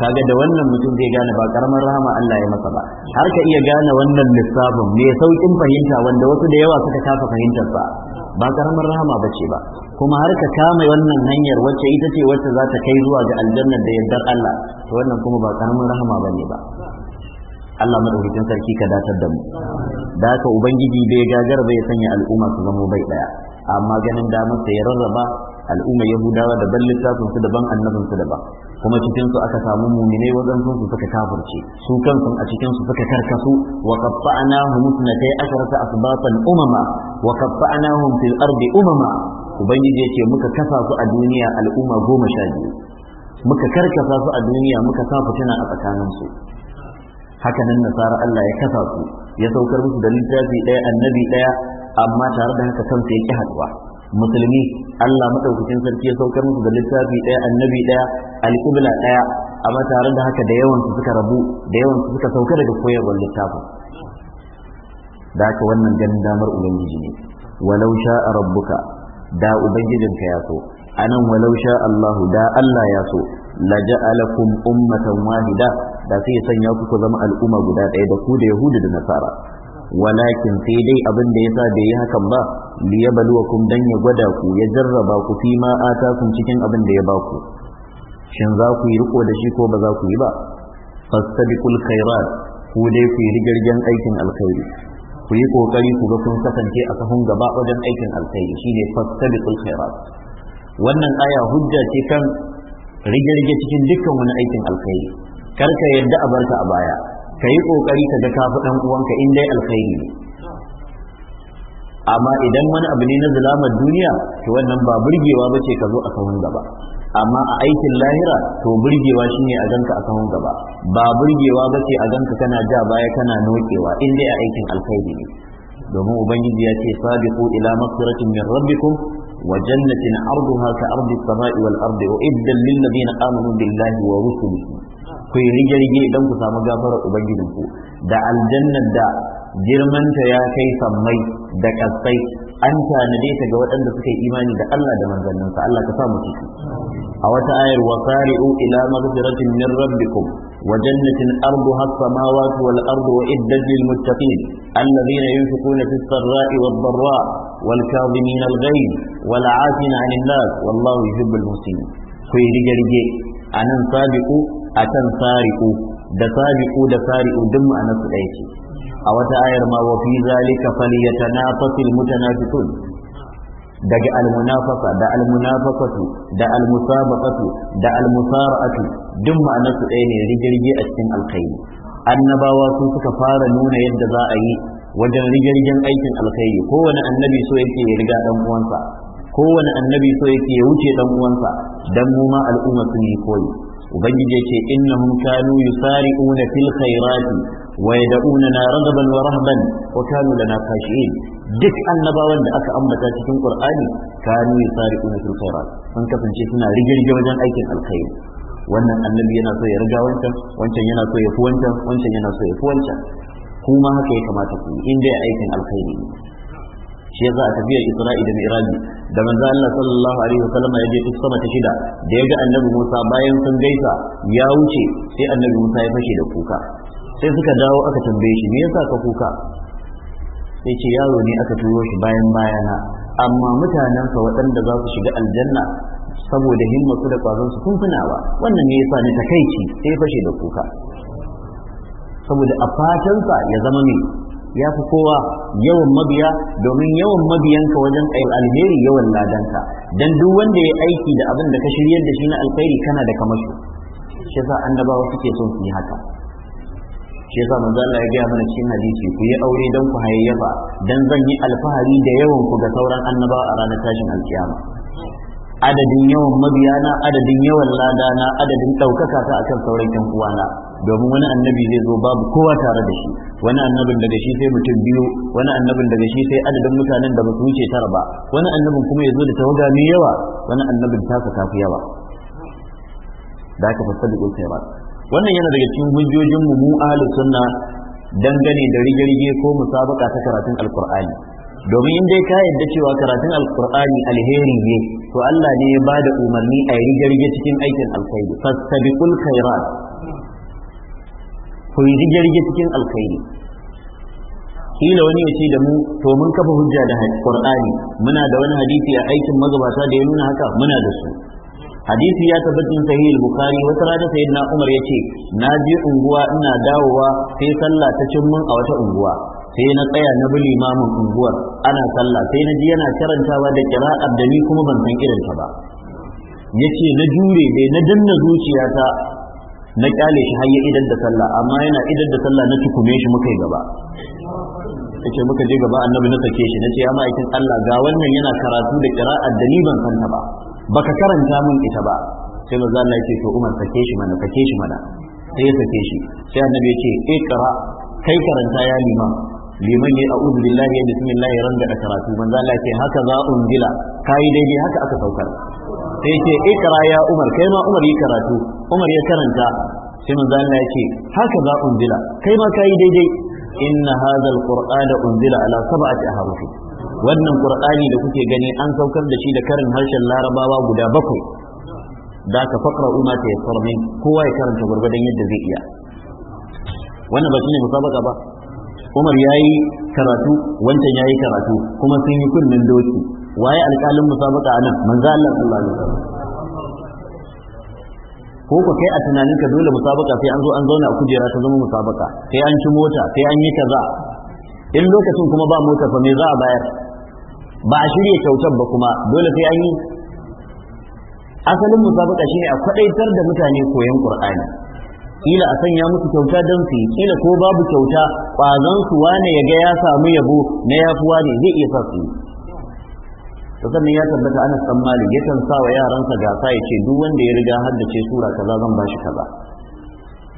kaga da wannan mutum zai gane ba karamar rahama Allah ya masa ba har ka iya gane wannan lissafin mai saukin fahimta wanda wasu da yawa suka kafa fahimtar sa ba karamar rahama bace ba kuma har ka kame wannan hanyar wacce ita ce wacce za ta kai zuwa ga aljannar da yardar Allah to wannan kuma ba karamar rahama bane ba Allah madaukakin sarki ka datar da mu da haka ubangiji bai gagar bai sanya al'umma su zama bai daya amma ganin damar sa ya rarraba al'umma yahudawa daban littafin su daban annabin su daban kuma cikin su aka samu mumine wadansu su suka kafirce su kansu a cikin su suka karkasu wa qatta'nahum musnatai asharata asbatan umama wa qatta'nahum fil ardi umama ubangiji yace muka kasa su a duniya al'umma goma sha biyu muka karkasa su a duniya muka sa fitina a tsakanin su haka nan nasara Allah ya kasa su ya saukar musu da littafi ɗaya annabi ɗaya amma tare da haka kansa yake haduwa musulmi Allah madaukakin sarki ya saukar musu da littafi daya annabi daya alqibla daya amma tare da haka da yawan su suka rabu da yawan su suka sauka daga koyarwar littafin da haka wannan ganin damar ubangiji ne walau sha'a rabbuka da ubangijinka ya so anan walau sha Allahu da Allah ya so la ja'alakum ummatan wahida da sai sanya ku zama al'umma guda ɗaya da ku da yahudu da nasara walakin sai dai abin da yasa bai yi hakan ba liyabluwakum dan ya gwada ku ya jarraba ku fi ma atakum cikin abin da ya baku shin za ku yi riko da shi ko ba za ku yi ba fastabiqul khairat ku dai ku yi rigirgen aikin alkhairi ku yi kokari ku ga kun kasance a sahun gaba wajen aikin alkhairi shine fastabiqul khairat wannan aya hujja ce kan rigirge cikin dukkan wani aikin alkhairi kar ka yadda a barka a baya ka yi ƙoƙari ka ga kafi ɗan uwanka in dai alkhairi ne amma idan wani abu ne na zulamar duniya to wannan ba burgewa ba ce ka zo a sahun gaba amma a aikin lahira to burgewa shine a ganka a sahun gaba ba burgewa ba ce a ganka kana ja baya kana nokewa in dai a aikin alkhairi ne domin ubangiji ya ce sabiqu ila maghfiratin min rabbikum wa jannatin arduha ka ardi as-sama'i wal ardi uiddat lil ladina amanu billahi wa rusulihi ku yi rige-rige idan ku samu gafarar ubangijinku da aljannar da girmanta ya kai sammai da kasai an tanade ta ga waɗanda suka yi imani da Allah da manzanninsa Allah ka sa mu ciki a wata ayar wa sari'u ila maghfiratin min rabbikum wa jannatin ardu as-samawati wal ardu wa iddat lil muttaqin alladhina yunfiquna fis sarai wad dharra wal kadhimin al ghayb wal 'afina 'anil nas wallahu yuhibbul muhsinin ku yi rige anan sabiqu a can sariku da sariku da sariku duk ma'anar ɗaya ce a wata ayar ma wa fi zalika falyatanafasil mutanafisun daga almunafasa da almunafasatu da almusabaqatu da almusara'atu duk ma'anar ɗaya ne rigirge a cikin alkhairi annabawa sun suka fara nuna yadda za a yi wajen rigirgen aikin alkhairi kowane annabi so yake ya riga dan uwansa kowane annabi so yake ya wuce dan uwansa dan mu ma al'umma su ne koyi ubangiji ya innahum kanu yusari'una fil khairati wa yad'unana ragaban wa rahban wa kanu lana khashi'in duk annabawan da aka ambata cikin qur'ani kanu yusari'una fil khairat sun kasance suna rigirge wajen aikin alkhairi wannan annabi yana so ya riga wancan wancan yana so ya fi wancan wancan yana so ya fi wancan kuma haka ya kamata ku in dai aikin alkhairi ne shi za a tafiyar Isra'i da Mi'raji da manzo Allah sallallahu alaihi wasallam ya je duk sama ta shida da ya ga annabi Musa bayan sun gaisa ya wuce sai annabi Musa ya fashe da kuka sai suka dawo aka tambaye shi me yasa ka kuka sai ce yaro ne aka turo shi bayan bayana amma mutanensa waɗanda za su shiga aljanna saboda himmatu da kwazon su sun kumfunawa wannan ne yasa ni takaici sai fashe da kuka saboda a fatansa ya zama mai ya fi kowa yawan mabiya domin yawan mabiyanka wajen alheri yawan ladanka dan duk wanda ya aiki da abin da ka shiryar da shi na alkhairi kana da kamasho shi yasa annabawa suke son su yi haka shi yasa manzo Allah ya gaya mana cikin hadisi ku yi aure dan ku hayayyafa dan zan yi alfahari da yawan ku ga sauran annabawa a ranar tashin alkiyama adadin yawan mabiyana adadin yawan ladana adadin ɗaukaka ta akan sauran yan uwana domin wani annabi zai zo babu kowa tare da shi wani annabin daga shi sai mutum biyu wani annabin daga shi sai adadin mutanen da ba su wuce tara ba wani annabin kuma ya zo da tawaga mai yawa wani annabin tasa tafi yawa da aka fassada ko sai ba wannan yana daga cikin hujjojin mu mu ahlus sunna dangane da rige-rige ko musabaka ta karatun alqur'ani domin in dai ka yadda cewa karatun alqur'ani alheri ne to Allah ne ya bada umarni a rige-rige cikin aikin alkhairi fastabiqul khairat ku yi cikin alkhairi kila wani ya ce da mu to mun kafa hujja da qur'ani muna da wani hadisi a aikin magabata da ya nuna haka muna da su hadisi ya tabbatin sahih al-bukhari wata rana sayyidina umar yace na je unguwa ina dawowa sai sallah ta cin mun a wata unguwa sai na tsaya na bi limamin unguwar ana sallah sai na ji yana karantawa da qira'a da ni kuma ban san irin ta ba yace na jure dai na danna zuciyata na kyale shi har ya idan da sallah amma yana idan da sallah na tukume shi muka yi gaba yace muka je gaba annabi na sake shi Na ce ya ma'aikin Allah ga wannan yana karatu da qira'ar da ni ban santa ba baka karanta min ita ba sai manzo Allah yace to Umar sake shi mana sake shi mana sai ya sake shi sai annabi ya ce, e iqra kai karanta ya liman liman ya a'udhu billahi ya bismillah ya ranga da karatu manzo Allah yace haka za unzila kai daidai haka aka saukar sai ce ikra ya umar kai ma umar yi karatu umar ya karanta sai manzo ya yake haka za unzila kai ma kai daidai inna hadha da unzila ala sab'ati ahruf wannan qur'ani da kuke gani an saukar da shi da karin harshen larabawa guda bakwai da ka fakra umma ta yassar min kowa ya karanta gurgurdan yadda zai iya wannan ba shine musabaka ba Umar yayi karatu wancan yayi karatu kuma sun yi kunnen doki waye alƙalin musabaka a nan manzo Allah sallallahu alaihi wasallam ko kai a tunanin ka dole musabaka sai an zo an zauna a kujera ta zama musabaka sai an ci mota sai an yi kaza in lokacin kuma ba mota fa me za a bayar ba a shirya kyautar ba kuma dole sai an yi asalin musabaka shine a kwadaitar da mutane koyon qur'ani kila a sanya musu kyauta don su yi kila ko babu kyauta kwazon su wane ya ga ya samu yabo na yafuwa ne zai iya sa to sannan ya tabbata ana dan Malik san sa wa yaransa gasa ya ce duk wanda ya riga haddace sura kaza zan ba shi kaza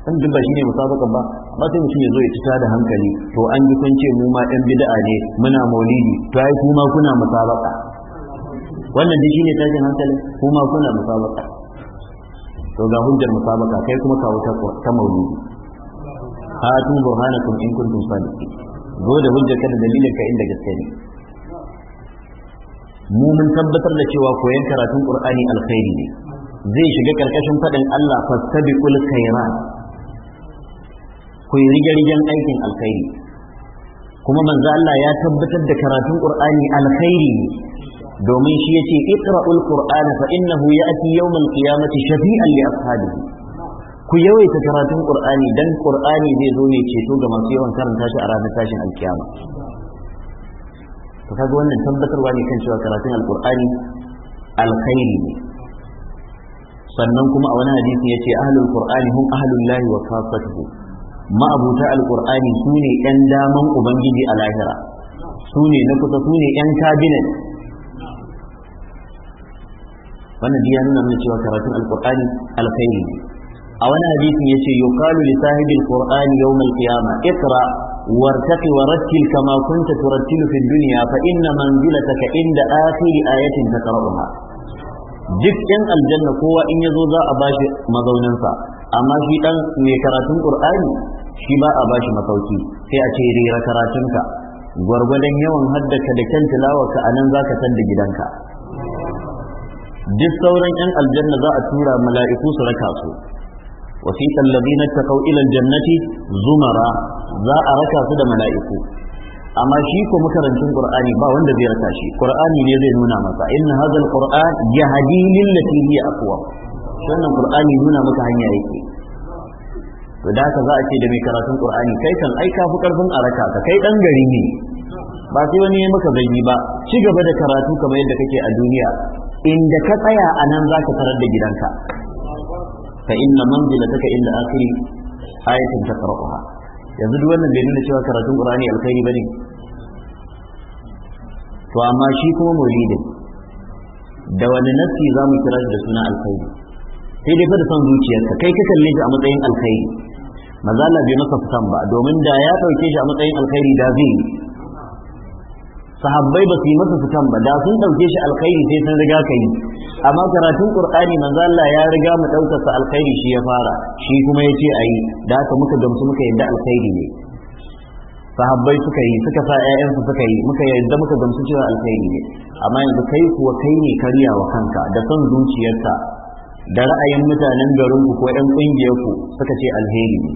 an duk ba shine musabakan ba amma sai mutum ya zo ya tita da hankali to an ji kun ce mu ma ɗan bid'a ne muna maulidi to ai kuma kuna musabaka wannan duk shine tashin hankali kuma kuna musabaka to ga hujjar musabaka kai kuma kawo ta ta maulidi hatu burhanakum in kuntum sadiqin zo da hujjar ka da dalilin ka inda gaske ne mu mun tabbatar da cewa koyon karatun qur'ani alkhairi ne zai shiga karkashin faɗin Allah fastabiqul khairat ku yi rige-rigen aikin alkhairi kuma manzo Allah ya tabbatar da karatun qur'ani alkhairi ne domin shi yace iqra'ul qur'ana fa innahu ya'ti yawmal qiyamati shafi'an li ashabihi ku yawaita karatun qur'ani dan qur'ani zai zo ne ceto ga masu yawan karanta shi a ranar tashin alkiyama to kaga wannan tabbatarwa ne kan cewa karatun alqur'ani alkhairi ne sannan kuma a wani hadisi yace ahlul qur'ani hum ahlul lahi wa khassatuhu ma'abuta alqur'ani sune yan daman ubangiji a lahira sune na kusa sune yan cabinet wannan biya nuna mana cewa karatun alqur'ani alkhairi ne a wani hadisin yace yuqalu li sahibi alqur'ani yawm alqiyama iqra وارتق ورتل كما كنت ترتل في الدنيا فإن inda عند آخر آية تقرأها duk ɗan aljanna kowa in ya zo za a bashi mazauninsa amma shi ɗan mai karatun ƙur'ani shi ba a bashi masauki sai a ce rera karatunka gwargwadon yawan haddaka da kyan tilawarka a nan za ka san da gidanka duk sauran 'yan aljanna za a tura mala'iku su raka su وسيق الذين اتقوا إلى الجنة زمرا ذا أركا سد ملائكو أما شيكو مكرنشن قرآني با وند بيرتاشي قرآني نزي نونا مسا إن هذا القرآن يهدي للتي هي أقوى شأن القرآني نونا مسا هنيا يكي to da haka za a ce da mai karatun Qur'ani kai kan ai ka fi karfin araka ka kai dan gari ne ba sai wani ya maka zanyi ba ci gaba da karatu kamar yadda kake a duniya inda ka tsaya a nan za ka tarar da gidanka fa inna manzilataka inda akhiri ayatin yanzu duk wannan bai nuna cewa karatun qur'ani alkhairi bane to amma shi kuma maulidin da wani nasi za mu kira shi da suna alkhairi sai dai fa da son zuciyarka kai ka kalle shi a matsayin alkhairi mazala bai masa fitan ba domin da ya dauke shi a matsayin alkhairi da zai sahabbai ba su yi masa fitan ba da sun ɗauke shi alkhairi sai sun riga ka yi amma karatun qur'ani manzo Allah ya riga mu ɗaukar sa alkhairi shi ya fara shi kuma ya ce ayi da haka muka gamsu muka yadda alkhairi ne sahabbai suka yi suka sa ƴaƴansu suka yi muka yadda muka gamsu cewa alkhairi ne amma yanzu kai kuwa kai ne karya wa kanka da son zuciyarka da ra'ayin mutanen garinku ko 'yan ƙungiyarku suka ce alheri ne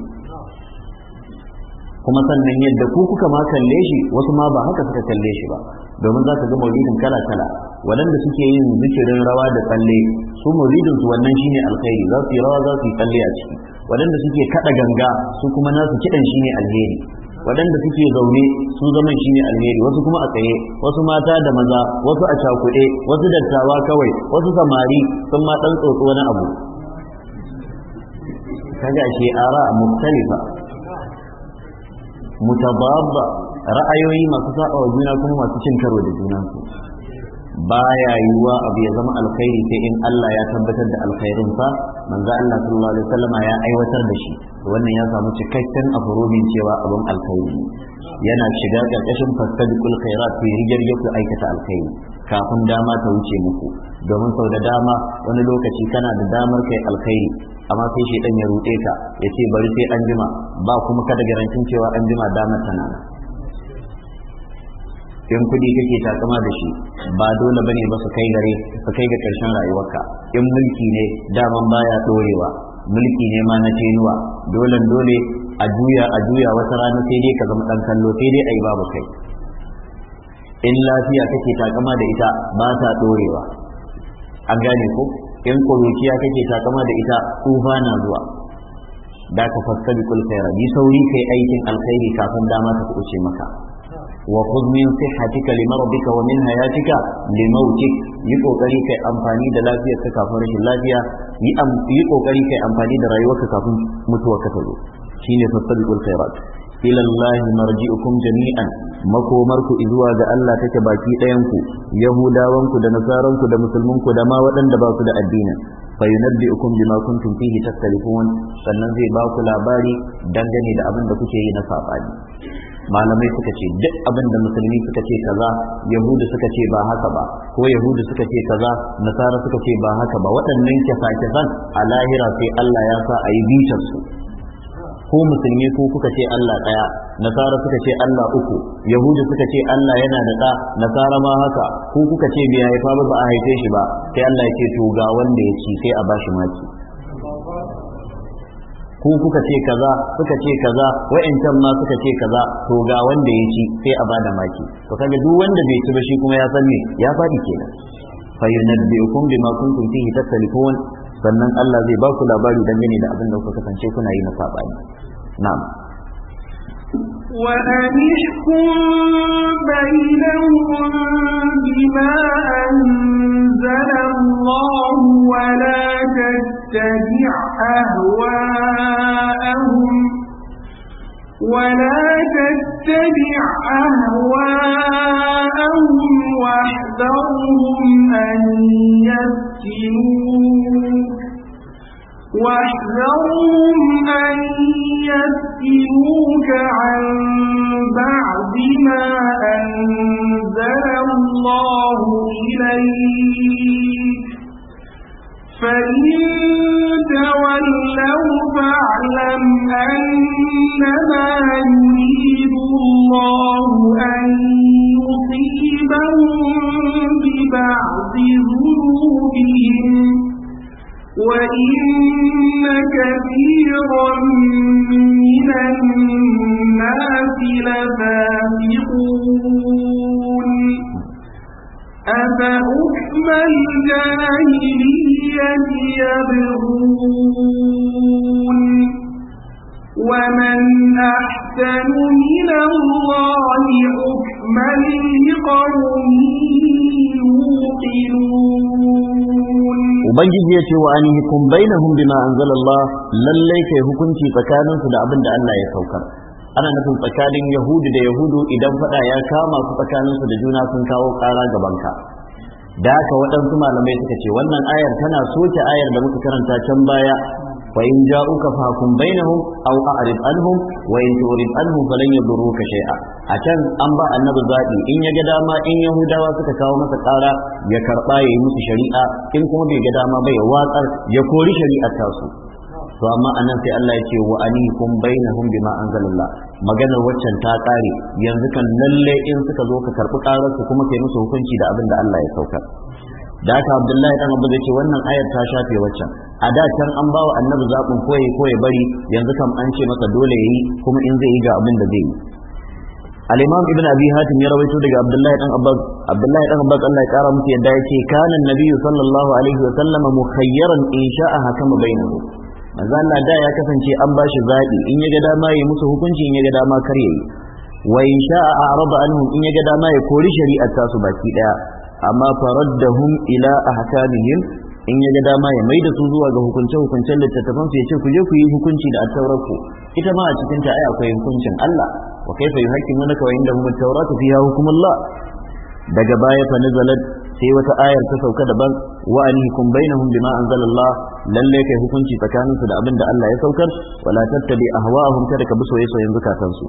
kuma sannan yadda ku kuka ma kalle shi wasu ma ba haka suka kalle shi ba domin za ka ga maulidin kala kala waɗanda suke yin zikirin rawa da tsalle su maulidin su wannan shine alkhairi za su yi rawa za su yi tsalle a ciki waɗanda suke kada ganga su kuma nasu kidan shine alheri waɗanda suke zaune su zaman shine alheri wasu kuma a tsaye wasu mata da maza wasu a cakuɗe wasu dattawa kawai wasu samari sun ma ɗan tsotso wani abu kaga shi ara muktalifa mutababba ra'ayoyi masu saba wa juna kuma masu cin karo da junansu baya wa abu ya zama alkhairi sai in Allah ya tabbatar da alkhairin sa manzo Allah sallallahu alaihi ya aiwatar da shi wannan ya samu cikakken afurobin cewa abun alkhairi yana shiga karkashin fastabiqul khairat ku yi aikata alkhairi kafin dama ta wuce muku domin sau da dama wani lokaci kana da damar kai alkhairi amma sai shi ya ruɗe ka ya ce bari sai an jima ba kuma kada garantin cewa an jima damar na. in kuɗi kake takama da shi ba dole bane ba su kai gare su kai ga ƙarshen rayuwarka in mulki ne daman baya ɗorewa mulki ne ma na tenuwa dole dole a juya a juya wata rana sai dai ka zama ɗan kallo sai dai a babu kai in lafiya kake takama da ita ba ta ɗorewa an gane ko in kuruciya kake takama da ita kufa na zuwa da ka fassari kul khaira bi sauri kai aikin alkhairi kafin dama ta kuce maka wa khudh min sihhatika marbika wa min hayatika limautik yi kokari kai amfani da lafiyar ka kafin rashin lafiya yi kokari kai amfani da rayuwarka kafin mutuwarka ta zo shine fassari kul khairat ilallahi marji'ukum jami'an makomarku zuwa ga Allah take baki ɗayanku yahudawanku da nasaranku da musulmanku da ma waɗanda ba su da addinin fa yunabbi'ukum bima kuntum fihi takhtalifun sannan zai ba ku labari dangane da abin da kuke yi na sabani malamai suka ce duk abin da musulmi suka ce kaza yahudu suka ce ba haka ba ko yahudu suka ce kaza nasara suka ce ba haka ba waɗannan kyasa-kyasan a lahira sai Allah ya sa a yi bitar su ko musulmi ko kuka ce Allah ɗaya nasara suka ce Allah uku yahudu suka ce Allah yana da ɗa nasara ma haka ko kuka ce bai haifa ba ba a haife shi ba sai Allah ya ce to ga wanda ya ci sai a bashi maki ko kuka ce kaza suka ce kaza wa'ancan ma suka ce kaza to ga wanda ya ci sai a bada maki to kaga duk wanda bai ci ba shi kuma ya san me ya faɗi kenan fa yunabbi'ukum bima kuntum fihi tastalifun sannan Allah zai ba ku labari dangane da abin da kuka kasance kuna yi na saɓani na'am وأن احكم بينهم بما أنزل الله ولا تتبع أهواءهم ولا تتبع أهواءهم واحذرهم أن يفتنوك واحذرهم أن يفتنوك عن بعد ما أنزل الله إليك فإن تولوا فاعلم أنما يريد الله أن يصيبهم ببعض ذنوبهم وإن كثيرا من الناس لفاسقون أفأكم الجاهلية يبغون ومن أحسن من الله حكما لقوم Ubangiji ya ce wa anihikun bainahum bima anzalallah lallai kai hukunci tsakaninsu da abin da Allah ya saukar. ana nufin tsakanin yahudu da yahudu idan fada ya kama su tsakaninsu da juna sun kawo kara gaban ka da haka waɗansu malamai suka ce wannan ayar tana soke ayar da muka karanta can baya fa in ja'uka fahkum bainahum aw a'rid anhum wa in turid anhum falan yadurruka shay'a a can an ba annabi zabi in ya ga dama in yahudawa suka kawo masa ƙara ya karɓa ya yi musu shari'a in kuma bai ga dama bai watsar ya kori shari'ar tasu to amma anan sai Allah ya ce wa anikum bainahum bima anzalallah maganar waccan ta kare yanzu kan lalle in suka zo ka karbi karar su kuma kai musu hukunci da abin da Allah ya saukar da haka Abdullahi dan Abu ce wannan ayar ta shafe waccan a da can an ba wa annabi zaɓin koyi koyi bari yanzu kam an ce masa dole yayi kuma in zai yi ga abin da zai yi al-imam ibn abi hatim ya rawaito daga abdullahi dan abbas abdullahi dan abbas Allah ya kara musu yadda yake kana annabi sallallahu alaihi wa sallama mukhayyaran in sha'a hakama bainahu manzo Allah da ya kasance an bashi zaɗi. in ya ga dama yi musu hukunci in ya ga dama kar yi wa in sha'a a'rada anhum in ya ga dama ya kori shari'ar tasu baki daya amma faraddahum ila ahkamihim in ya ga dama ya maida su zuwa ga hukunce hukuncen littattafan su ce ku je ku yi hukunci da at ita ma a cikin ta ai akwai hukuncin Allah wa kaifa yuhakkimu naka wa indahum at-tauratu fiha hukmullah daga baya fa nazalat sai wata ayar ta sauka daban wa anhikum bainahum bima anzalallah lalle kai hukunci tsakanin su da abin da Allah ya saukar wala tattabi ahwa'ahum kada ka bi soyayyen zukatan su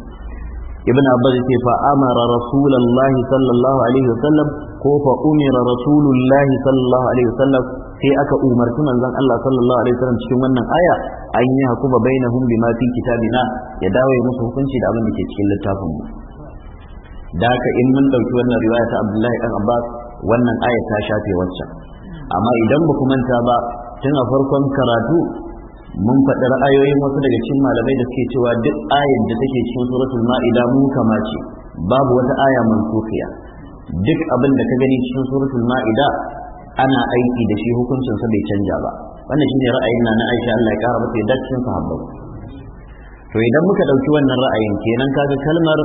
ibn abbas ce fa amara rasulullahi sallallahu alaihi wasallam ko fa umira rasulullahi sallallahu alaihi wasallam sai aka umarci manzon Allah sallallahu alaihi wasallam cikin wannan aya an yi hakuba bainahum bima fi kitabina ya dawo musu hukunci da abin da ke cikin littafin mu da haka in mun dauki wannan riwaya ta Abdullahi dan Abbas wannan aya ta shafe waccan amma idan ba ku manta ba tun a farkon karatu mun faɗi ra'ayoyin wasu daga cikin malamai da suke cewa duk ayar da take cikin suratul ma'ida mun kama ce babu wata aya mansukiya duk abin da ka gani cikin suratul ma'ida ana aiki da shi hukuncin sa bai canja ba wannan shine ra'ayin na na Aisha Allah ya kara mata yadda cikin sahabbai to idan muka dauki wannan ra'ayin kenan kaga kalmar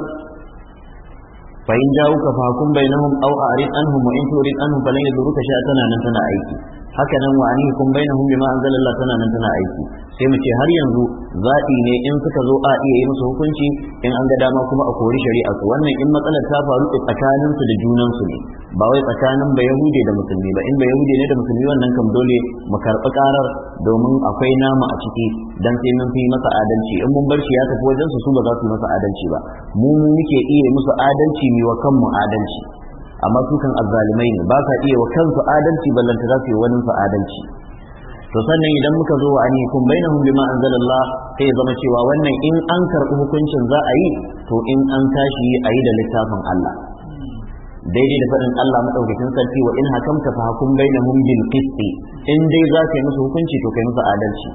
fa'in ja'uka fa hukum bainahum aw a'rid anhum wa in turid anhum falan tana nan tana aiki haka nan wa ani hukum bainahum bima anzalallah tana nan tana aiki sai mu ce har yanzu zaɓi ne in suka zo a iya yi musu hukunci in an ga dama kuma a kori shari'a su wannan in matsalar ta faru tsakanin su da junan su ne ba wai tsakanin ba yahude da musulmi ba in ba yahude ne da musulmi wannan kam dole mu karɓi ƙarar domin akwai nama a ciki dan sai mun fi masa adalci in mun bar shi ya tafi wajen su su ba za su yi masa adalci ba mu muke iya musu adalci yi wa kanmu adalci amma su kan azzalumai ne ba ka iya wa kansu adalci ballanta za su yi wani su adalci to sannan idan muka zo wa anikum bainahum bima anzalallah sai zama cewa wannan in an karɓi hukuncin za a yi to in an tashi yi a yi da littafin Allah daidai da faɗin Allah madaukakin sarki wa in hakamta fa hukum bainahum bil qisti in dai za ka yi musu hukunci to kai musu adalci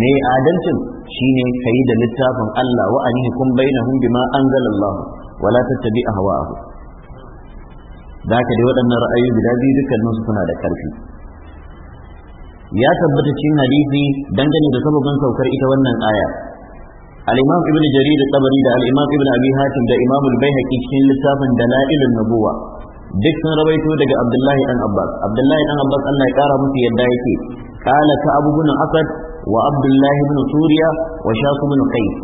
me adalcin shine kai da littafin Allah wa anikum bainahum bima anzalallahu wala tattabi ahwa'ahu da ka dai waɗannan ra'ayi guda biyu dukkanin su suna da ƙarfi ya tabbata cikin hadisi dangane da sababin saukar ita wannan aya al-imam ibn jarir tabari da al-imam ibn abi hatim da imam al-baihaqi cikin littafin dalailun nubuwa duk sun rawaito daga abdullahi dan abbas abdullahi dan abbas Allah ya kara musu yadda yake kala ka abu bin asad wa abdullahi bin suriya wa shaku bin qais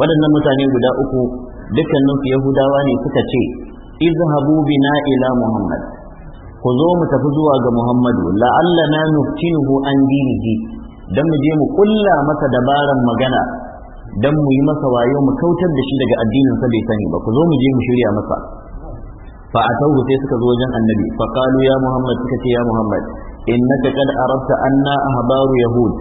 waɗannan mutane guda uku dukkanin su yahudawa ne suka ce izhabu bina ila muhammad ku zo mu tafi zuwa ga muhammadu na nuftinuhu an dinihi dan mu je mu kulla masa dabaran magana dan mu yi masa wayo mu kautar da shi daga addinin sa bai sani ba ku zo mu je mu shirya masa fa atawu sai suka zo wajen annabi fa qalu ya muhammad suka ce ya muhammad innaka qad arabta anna ahbaru yahud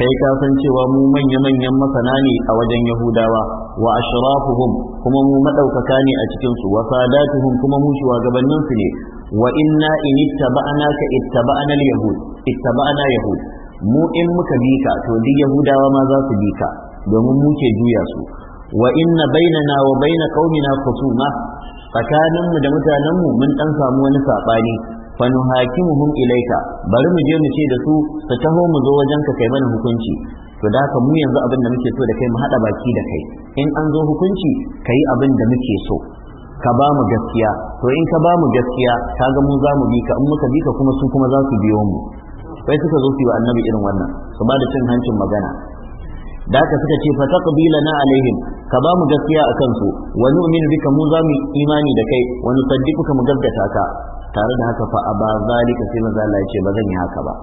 kai ka san cewa mu manya-manyan masana ne a wajen yahudawa wa ashrafuhum kuma mu madaukaka ne a cikin su wa sadatuhum kuma mu shugabannin su ne wa inna in ittaba'ana ka ittaba'ana yahud ittaba'ana yahud mu in muka bi ka to duk yahudawa ma za su bi ka domin mu ke juya su wa inna bainana wa baina qaumina khusuma tsakaninmu da mutanenmu mun dan samu wani sabani hakimuhum ilaika bari mu je mu ce da su su taho mu zo wajen ka kai mana hukunci to da haka mu yanzu abin da muke so da kai mu hada baki da kai in an zo hukunci ka yi abin da muke so ka ba mu gaskiya to in ka ba mu gaskiya ga mu za mu bi ka in muka bi ka kuma su kuma za su biyo mu sai suka zo su yi wa annabi irin wannan su ba da cin hancin magana da ka suka ce fa kabila na alaihim ka ba mu gaskiya a kansu, wani nu'minu bika mu za mu imani da kai wani wa ka mu gaggata ka tare da haka fa ba zalika sai maza Allah ya ce ba zan yi haka ba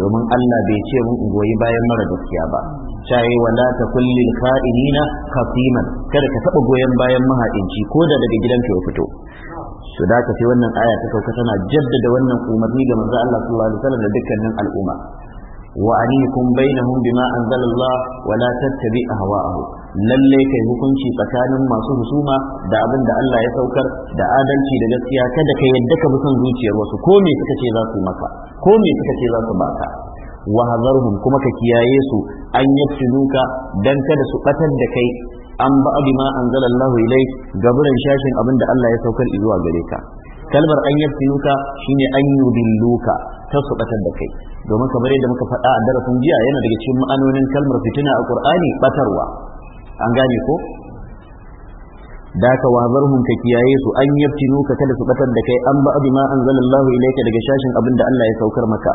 domin Allah bai ce mun goyi bayan mara gaskiya ba caye wala ta kulle kha'inina khasiman kada ka taba goyen bayan mahadinci ko da daga gidan ya fito to da ka sai wannan aya ta sauka tana jaddada wannan umarni ga manzo Allah sallallahu alaihi wasallam da dukkanin al'umma وأنيكم بينهم بما أنزل الله ولا تتبع أهواءهم lallai kai hukunci tsakanin masu husuma da abin da Allah ya saukar da adalci da gaskiya kada ka yadda ka bi son zuciyar wasu ko me suka ce za su maka ko me suka ce za su baka wa hazarhum kuma ka kiyaye su an duka dan kada su batar da kai an ba bi ma anzalallahu ilai gaburan shashin abin da Allah ya saukar zuwa gare ka kalmar an yuka shine an yubilluka ta su batar da kai domin kamar yadda muka faɗa a darasin jiya yana daga cikin ma'anonin kalmar fitina a qur'ani batarwa an gane ko da ka ka kiyaye su an yuka kada su batar da kai an ba bima anzalallahu ilayka daga shashin abin da Allah ya saukar maka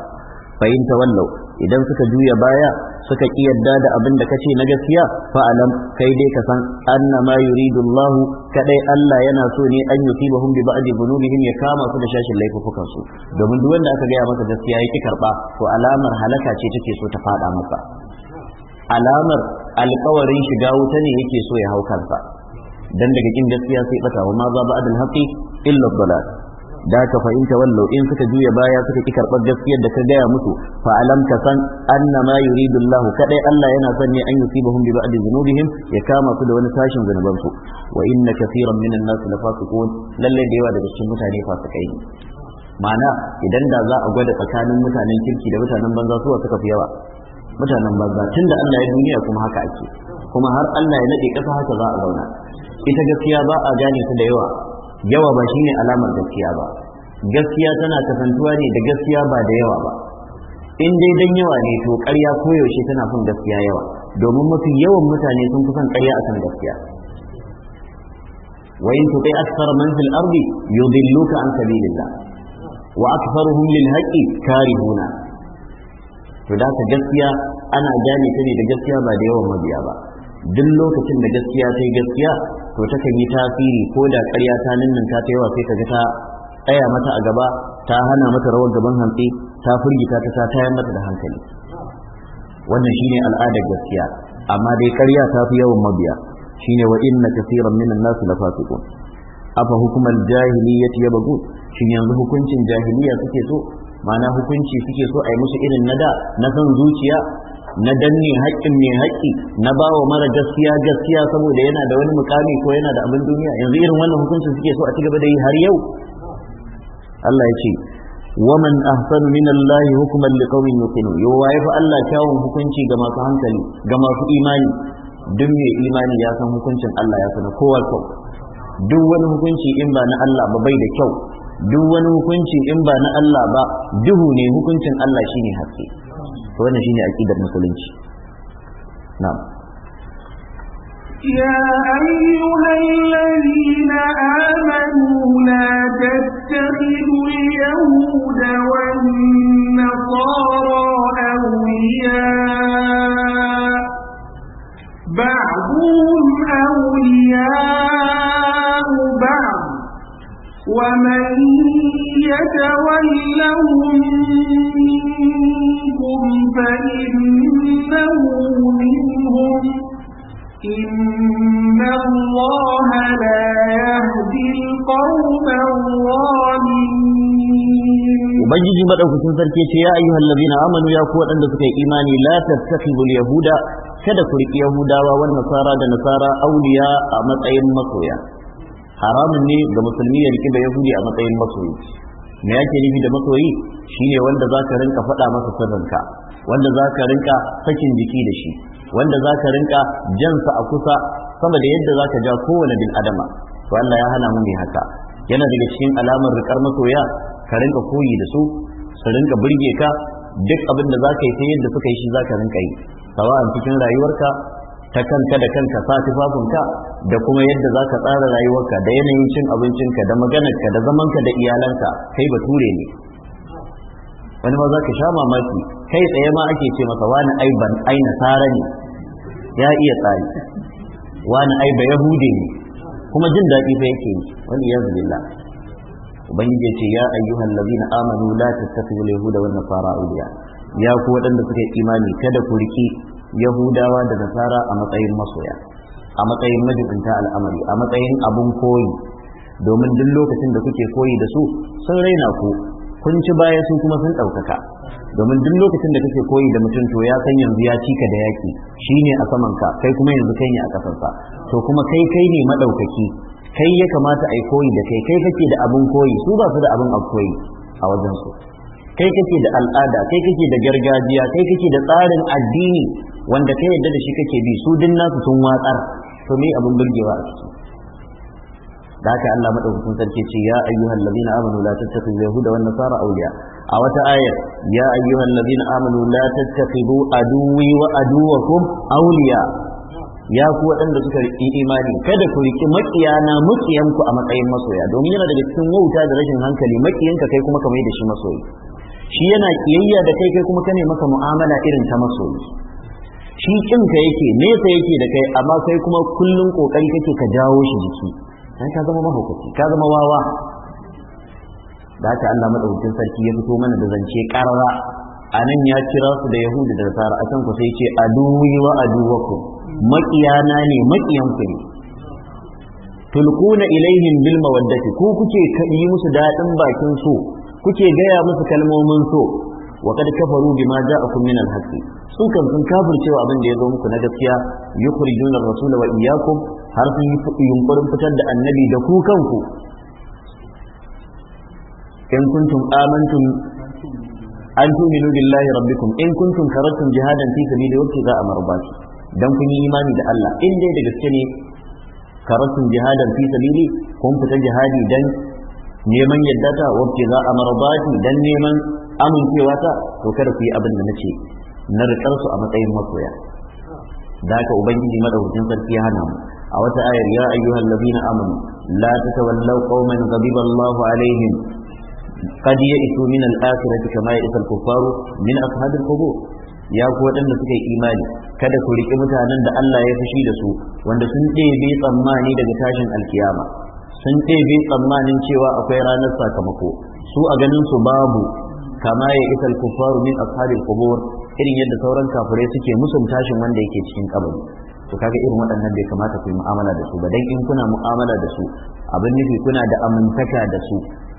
fahimta wallau idan suka juya baya suka ki yadda da abin da kace na gaskiya fa alam kai dai ka san anna ma yuridullahu,' Allah kadai Allah yana so ne an yusibahum bi ba'di dhunubihim ya kama su da shashin laifukan su domin duk wanda aka gaya masa gaskiya yake karba to alamar halaka ce take so ta fada masa alamar alkawarin shiga wuta ne yake so ya hau kansa dan daga kin gaskiya sai bata wa ma za ba haqi illa dalal da ka fahimta wallo in suka juya baya suka ki karɓar gaskiyar da ka gaya musu fa alam ka san anna ma yuridu Allah kadai Allah yana son ne an yusibahum bi ba'di dhunubihim ya kama su da wani sashin zanuban su wa inna kaseeran minan nas lafasiqun lalle da yawa daga cikin mutane fasikai ne ma'ana idan da za a gwada tsakanin mutanen kirki da mutanen banza suwa suka fi yawa mutanen banza tunda Allah ya duniya kuma haka ake kuma har Allah ya nade kasa haka za a zauna ita gaskiya ba a gane ta da yawa yawa ba shine alamar gaskiya ba gaskiya tana kasantuwa ne da gaskiya ba da yawa ba in dai dan yawa ne to ƙarya koyaushe tana son gaskiya yawa domin mafi yawan mutane sun fi son ƙarya akan gaskiya wa in tuqi akthar man fil ardi yudilluka an sabilillah wa aktharuhum lil haqqi karihuna to da gaskiya ana gane ta ne da gaskiya ba da yawan mabiya ba duk lokacin da gaskiya sai gaskiya to ta kan yi tasiri ko da ƙarya ta ninninka ta yawa sai ka ga ta tsaya mata a gaba ta hana mata rawar gaban hantsi ta firgita ta ta tayar mata da hankali wannan shine al'adar gaskiya amma dai ƙarya ta fi yawan mabiya shine wa inna kaseeran minan nas la fasiqun afa hukumul jahiliyyati yabghun shin yanzu hukuncin jahiliya suke so ma'ana hukunci suke so a yi musu irin na da na san zuciya na danne haƙƙin mai haƙƙi na ba wa mara gaskiya gaskiya saboda yana da wani mukami ko yana da abin duniya yanzu irin wannan hukuncin suke so a ci gaba da yi har yau Allah ya ce waman ahsanu min Allah hukman liqaumin yuqinun yo waye fa Allah kyawun hukunci ga masu hankali ga masu imani duk mai imani ya san hukuncin Allah ya san kowa kyau duk wani hukunci in ba na Allah ba bai da kyau duk wani hukunci in ba na Allah ba duhu ne hukuncin Allah shine haske to wannan shine aqidar musulunci na'am يا أيها الذين آمنوا لا تتخذوا اليهود والنصارى أولياء بعضهم أولياء بعض ومن يتولهم منكم فإنه منهم إن الله لا يهدي القوم الظالمين Ubangiji madaukakin sarki ce ya ayyuhal ladina amanu ya ku waɗanda suka yi imani la tattakhidul yahuda kada ku riƙi yahudawa wan nasara da nasara auliya a matsayin masoya haramun ne ga musulmi ya riƙi da yahudi a matsayin masoyi me yake nufi da masoyi shine wanda za ka rinka faɗa masa sirrinka wanda za ka rinka sakin jiki da shi wanda za ka rinka jansa a kusa sama da yadda za ka ja kowane bin adama to Allah ya hana mu ne haka yana daga cikin alamar rikar masoya ka rinka koyi da su su rinka burge ka duk abin da za ka yi sai yadda suka yi shi za ka rinka yi sawa'an cikin rayuwarka ta kanka da kanka sa tufafinka da kuma yadda za ka tsara rayuwarka da yanayin cin abincinka da maganarka da zamanka da iyalanka kai bature ne wani ma za ka sha mamaki kai tsaye ma ake ce masa wani ai ban ai nasara ne ya iya tsari wani ai ba yahude ne kuma jin daɗi fa yake yi wani yanzu billah ubangiji ce ya ayyuhan lazina amanu la tattakhidhu al-yahuda wan nasara awliya ya ku waɗanda suka yi imani kada ku riki yahudawa da nasara a matsayin masoya a matsayin majibinta al'amari a matsayin abun koyi domin duk lokacin da kuke koyi da su sun raina ku kun ci baya su kuma sun ɗaukaka domin duk lokacin da kake koyi da mutum to ya san yanzu ya ci ka da yaki shine a saman ka kai kuma yanzu kai ne a kasansa to kuma kai kai ne maɗaukaki, kai ya kamata a yi koyi da kai kai kake da abun koyi su ba su da abun koyi a wajensu su kai kake da al'ada kai kake da gargajiya kai kake da tsarin addini wanda kai yadda da shi kake bi su din nasu sun watsar to me abin burgewa a ciki da haka Allah madaukakin sarki ce ya ayyuhal ladina amanu la tattakhidhu yahuda wan nasara awliya a wata ayar ya ayyuhal ladina amanu la tattakhidhu aduwi wa aduwakum awliya ya ku waɗanda suka riƙi imani kada ku riƙi maƙiyana maƙiyanku a matsayin masoya domin yana daga cikin wauta da rashin hankali maƙiyanka kai kuma ka mai da shi masoyi shi yana kiyayya da kai kai kuma kane maka mu'amala irin ta masoyi shi ka yake nesa yake da kai amma sai kuma kullun kokari kake ka jawo shi jiki dan ka zama mahaukaci ka zama wawa da haka Allah madaukakin sarki ya fito mana da zance karara a nan ya kira su da yahudu da nasara a can ku sai ce aduwi wa aduwakum maƙiyana ne ku ne tulkuna ilaihim bil mawaddati ku kuke yi musu dadin bakin so kuke gaya musu kalmomin so wa kad kafaru bima ja'akum min al-haqq su kan sun kafircewa abin da ya zo muku na gaskiya yukhrijun ar-rasul wa iyyakum har sun yi yunkurin fitar da annabi da ku kanku in kuntum amantum an tuminu billahi rabbikum in kuntum karatum jihadan fi sabili wa za amar baki dan kun yi imani da Allah in dai da gaske ne karatum jihadan fi sabili kun fita jihadi dan neman yadda ta wabce za a marbadi dan neman amincewa ta to kada ku yi abin da nace na rikar su a matsayin masoya da haka ubangiji madaukakin sarki ya hana mu a wata ayar ya ayyuhal ladina amanu la tatawallaw qauman ghadiba Allahu alaihim قد يئسوا من الآخرة كما يئس min من أصحاب القبور ya ku waɗanda suka yi imani kada ku riƙi mutanen da Allah ya fushi da su wanda sun ɗebe tsammani daga tashin alkiyama sun bi tsammanin cewa akwai ranar sakamako su a ganin su babu kama ya isa kufaru min ashabil qubur irin yadda sauran kafirai suke musun tashin wanda yake cikin kabari to kaga irin waɗannan bai kamata ku yi mu'amala da su ba dan in kuna mu'amala da su abin nufi kuna da amintaka da su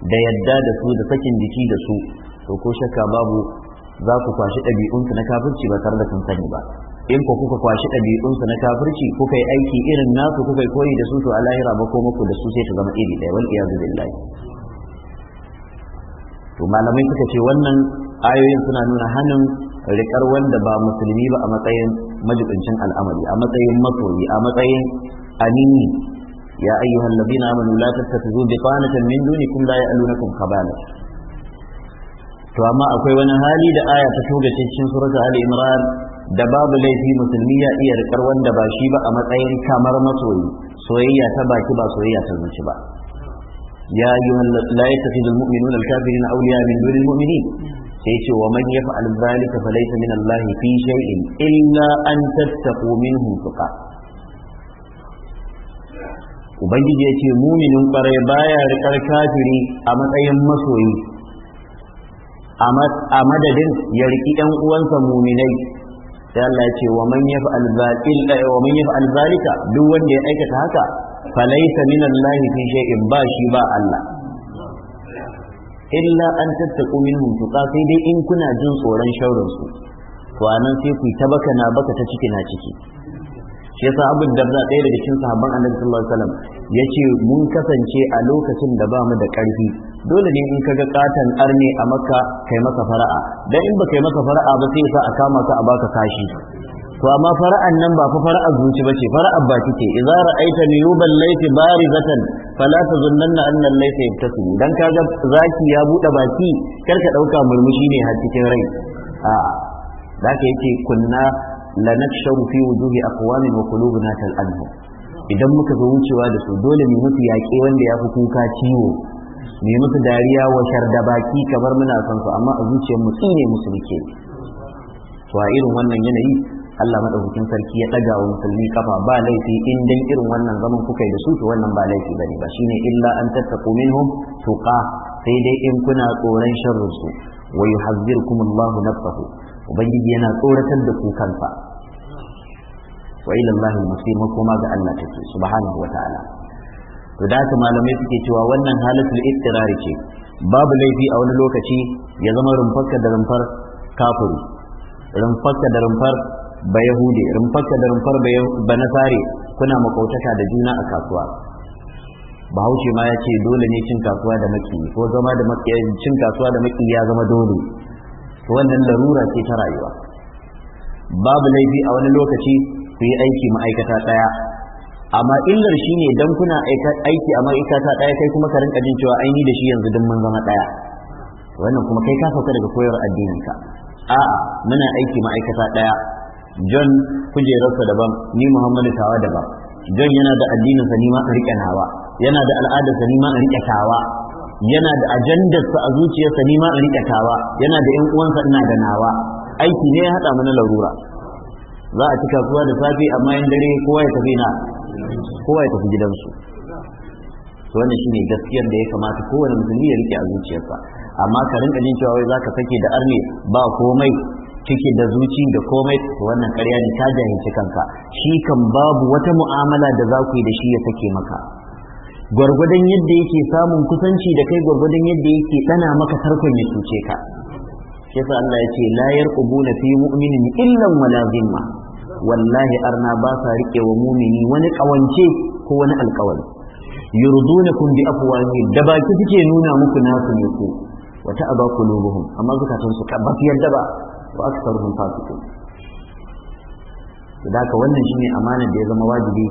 da yadda da su da sakin jiki da su to ko shakka babu za ku kwashi ɗabi'unsu na kafirci ba tare da sun sani ba in ku kuka kwashi ɗabi'unsu na kafirci kuka yi aiki irin nasu kuka yi koyi da su to a lahira ba ko muku da su sai ta zama iri ɗaya wal iyadu billahi to malamai suka ce wannan ayoyin suna nuna hannun rikar wanda ba musulmi ba a matsayin majibincin al'amari a matsayin masoyi a matsayin amini ya ayyuhan ladina amanu la tattakhudhu biqanatan min dunikum la ya'lunukum khabala to amma akwai wani hali da aya ta tuga cikin suratul ali imran da babu laifi musulmi ya iya rikar wanda ba shi ba a matsayin kamar masoyi soyayya ta baki ba soyayya ta zuci ba ya yi la yattakhidhu almu'minuna alkafirina awliya min duni almu'minin sai ce wa man yaf'al dhalika falaysa min Allah fi shay'in illa an tattaqu minhum tuqa ubangiji ya ce muminin kwarai baya rikar kafiri a matsayin masoyi a madadin ya riki ɗan uwansa muminai sai Allah ya ce wa man yaf'al zalika wa man yaf'al zalika duk wanda ya aikata haka falaysa min fi shay'in ba shi ba Allah illa an tattaku minhum tuqa sai dai in kuna jin tsoron shaurin su to anan sai ku ta baka na baka ta ciki na ciki shi yasa abin da za ɗaya daga cikin sahabban annabi sallallahu alaihi wasallam yace mun kasance a lokacin da ba mu da ƙarfi dole ne in kaga katan arne a makka kai masa fara'a dan in ba kai masa fara'a ba sai sa a kama ka a baka kashi to amma fara'an nan ba fa fara'ar zuci bace fara'ar baki ce idza ra'aita niyuban bari barizatan fala tazunnanna anna laysa yabtasim dan kaga zaki ya bude baki kar ka dauka murmushi ne har cikin rai a da ka yace kunna lanakshuru fi wujuhi aqwamin wa qulubuna tal'anhu idan muka zo wucewa da su dole mu musu yaƙe wanda ya fi kuka ciwo mu musu dariya wa sharda baki kamar muna son su amma a zuciyar mu tsine musu muke to a irin wannan yanayi Allah madaukakin sarki ya daga wa musulmi kafa ba laifi in dan irin wannan zaman kuka yi da su to wannan ba laifi bane ba shine illa an tattaqu minhum tuqa sai dai in kuna tsoron sharrin wa yuhazzirukum Allahu nafsahu ubangiji yana tsoratar da ku kansa wa ila Allahi masir makoma ga Allah take subhanahu wa ta'ala to da su malamai suke cewa wannan halatul istirari ce babu laifi a wani lokaci ya zama rumfarka da rumfar kafiri rumfarka da rumfar ba yahudi rumfarka da rumfar ba nasare kuna makautaka da juna a kasuwa bahaushe ma ya ce dole ne cin kasuwa da maki ko zama da maki cin kasuwa da maki ya zama dole to wannan larura ce ta rayuwa babu laifi a wani lokaci ku yi aiki ma'aikata ɗaya amma illar shi ne don kuna aiki a ma'aikata ɗaya kai kuma ka rinka jin cewa aini da shi yanzu duk mun zama ɗaya wannan kuma kai ka sauka daga koyar addininka a'a muna aiki ma'aikata ɗaya john kujerarsa daban ni muhammadu tawa daban john yana da addininsa ni ma in riƙe nawa yana da al'adarsa ni ma in riƙe tawa yana da ajandarsa a zuciyarsa ni ma in tawa yana da yan uwansa ina da nawa aiki ne ya hada mana larura za a ci kasuwa da safe amma yan dare kowa ya tafi na kowa ya tafi gidansu to wannan shine gaskiyar da ya kamata kowane musulmi ya rike a zuciyarsa amma ka rinka jin cewa wai zaka sake da arne ba komai kike da zuci da komai wannan ƙarya ne ta jahilci kanka shi kan babu wata mu'amala da za ku yi da shi ya sake maka gwargwadon yadda yake samun kusanci da kai gwargwadon yadda yake tsana maka tarkon ya cuce ka shi yasa Allah ya ce la yarqubuna fi mu'minin illan wala zimma wallahi arna ba sa rike wa mumini wani kawance ko wani alkawari yurdunakum bi afwahi da baki suke nuna muku nasu ne ko. wa ta'aba qulubuhum amma zakatun su ka basu yadda ba wa aktsaruhum fasiqun da haka wannan shine amanar da ya zama wajibi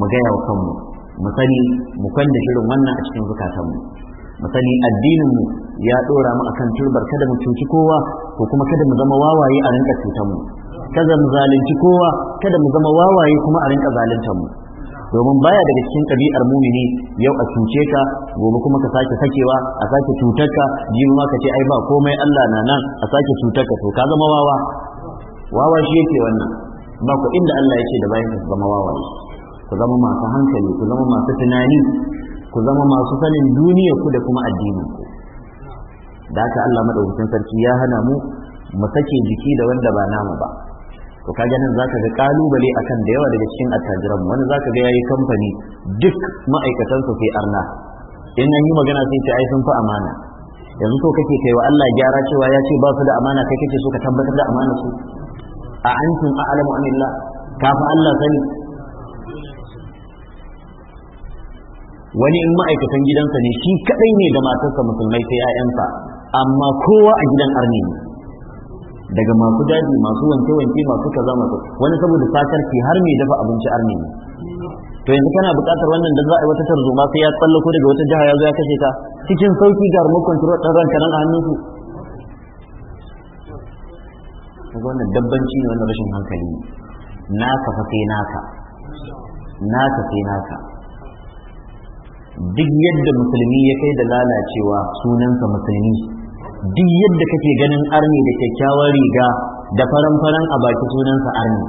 mu gaya wa kanmu mu sani mu kwanda shirin wannan a cikin zukatanmu mu sani addinin mu ya dora mu akan turbar kada mu cuci kowa ko kuma kada mu zama wawaye a rinka cutar mu kada mu zalunci kowa kada mu zama wawaye kuma a rinka zaluntar domin baya daga cikin ɗabi'ar mumini yau a cuce ka gobe kuma ka sake sakewa a sake cutar ka jibi ma ka ce ai ba komai Allah na nan a sake cutar ka to ka zama wawa wawa shi yake wannan ba ku inda Allah yake da bayan ka zama wawa ku zama masu hankali ku zama masu tunani ku zama masu sanin duniya ku da kuma addinin ku da haka Allah madaukakin sarki ya hana mu mu sake jiki da wanda ba namu ba to kaga nan zaka ga kalubale akan da yawa daga cikin attajiran wani zaka ga yayi kamfani duk ma'aikatan su sai arna in an yi magana sai ce ai sun fi amana yanzu to kake kai wa Allah gyara cewa ya ce ba su da amana kai kake so ka tabbatar da amana su a antum a'lamu amillah kafa Allah sani wani in ma'aikatan gidansa ne shi kadai ne da matarsa musulmai sai 'ya'yansa amma kowa a gidan arni ne daga masu daji masu wanke wanke masu kaza masu wani saboda sakar ki har mai dafa abinci arni ne to yanzu kana buƙatar wannan da za a yi wata ma sai ya tsallako daga wata jiha ya zo ya kashe ta cikin sauki ga remote control ɗan ranka nan a hannunsu wannan dabbanci ne wannan rashin hankali ne naka fa sai naka naka sai naka duk yadda musulmi ya kai da lalacewa sunansa musulmi duk yadda kake ganin arni da kyakkyawar riga da faran-faran a baki sunansa arni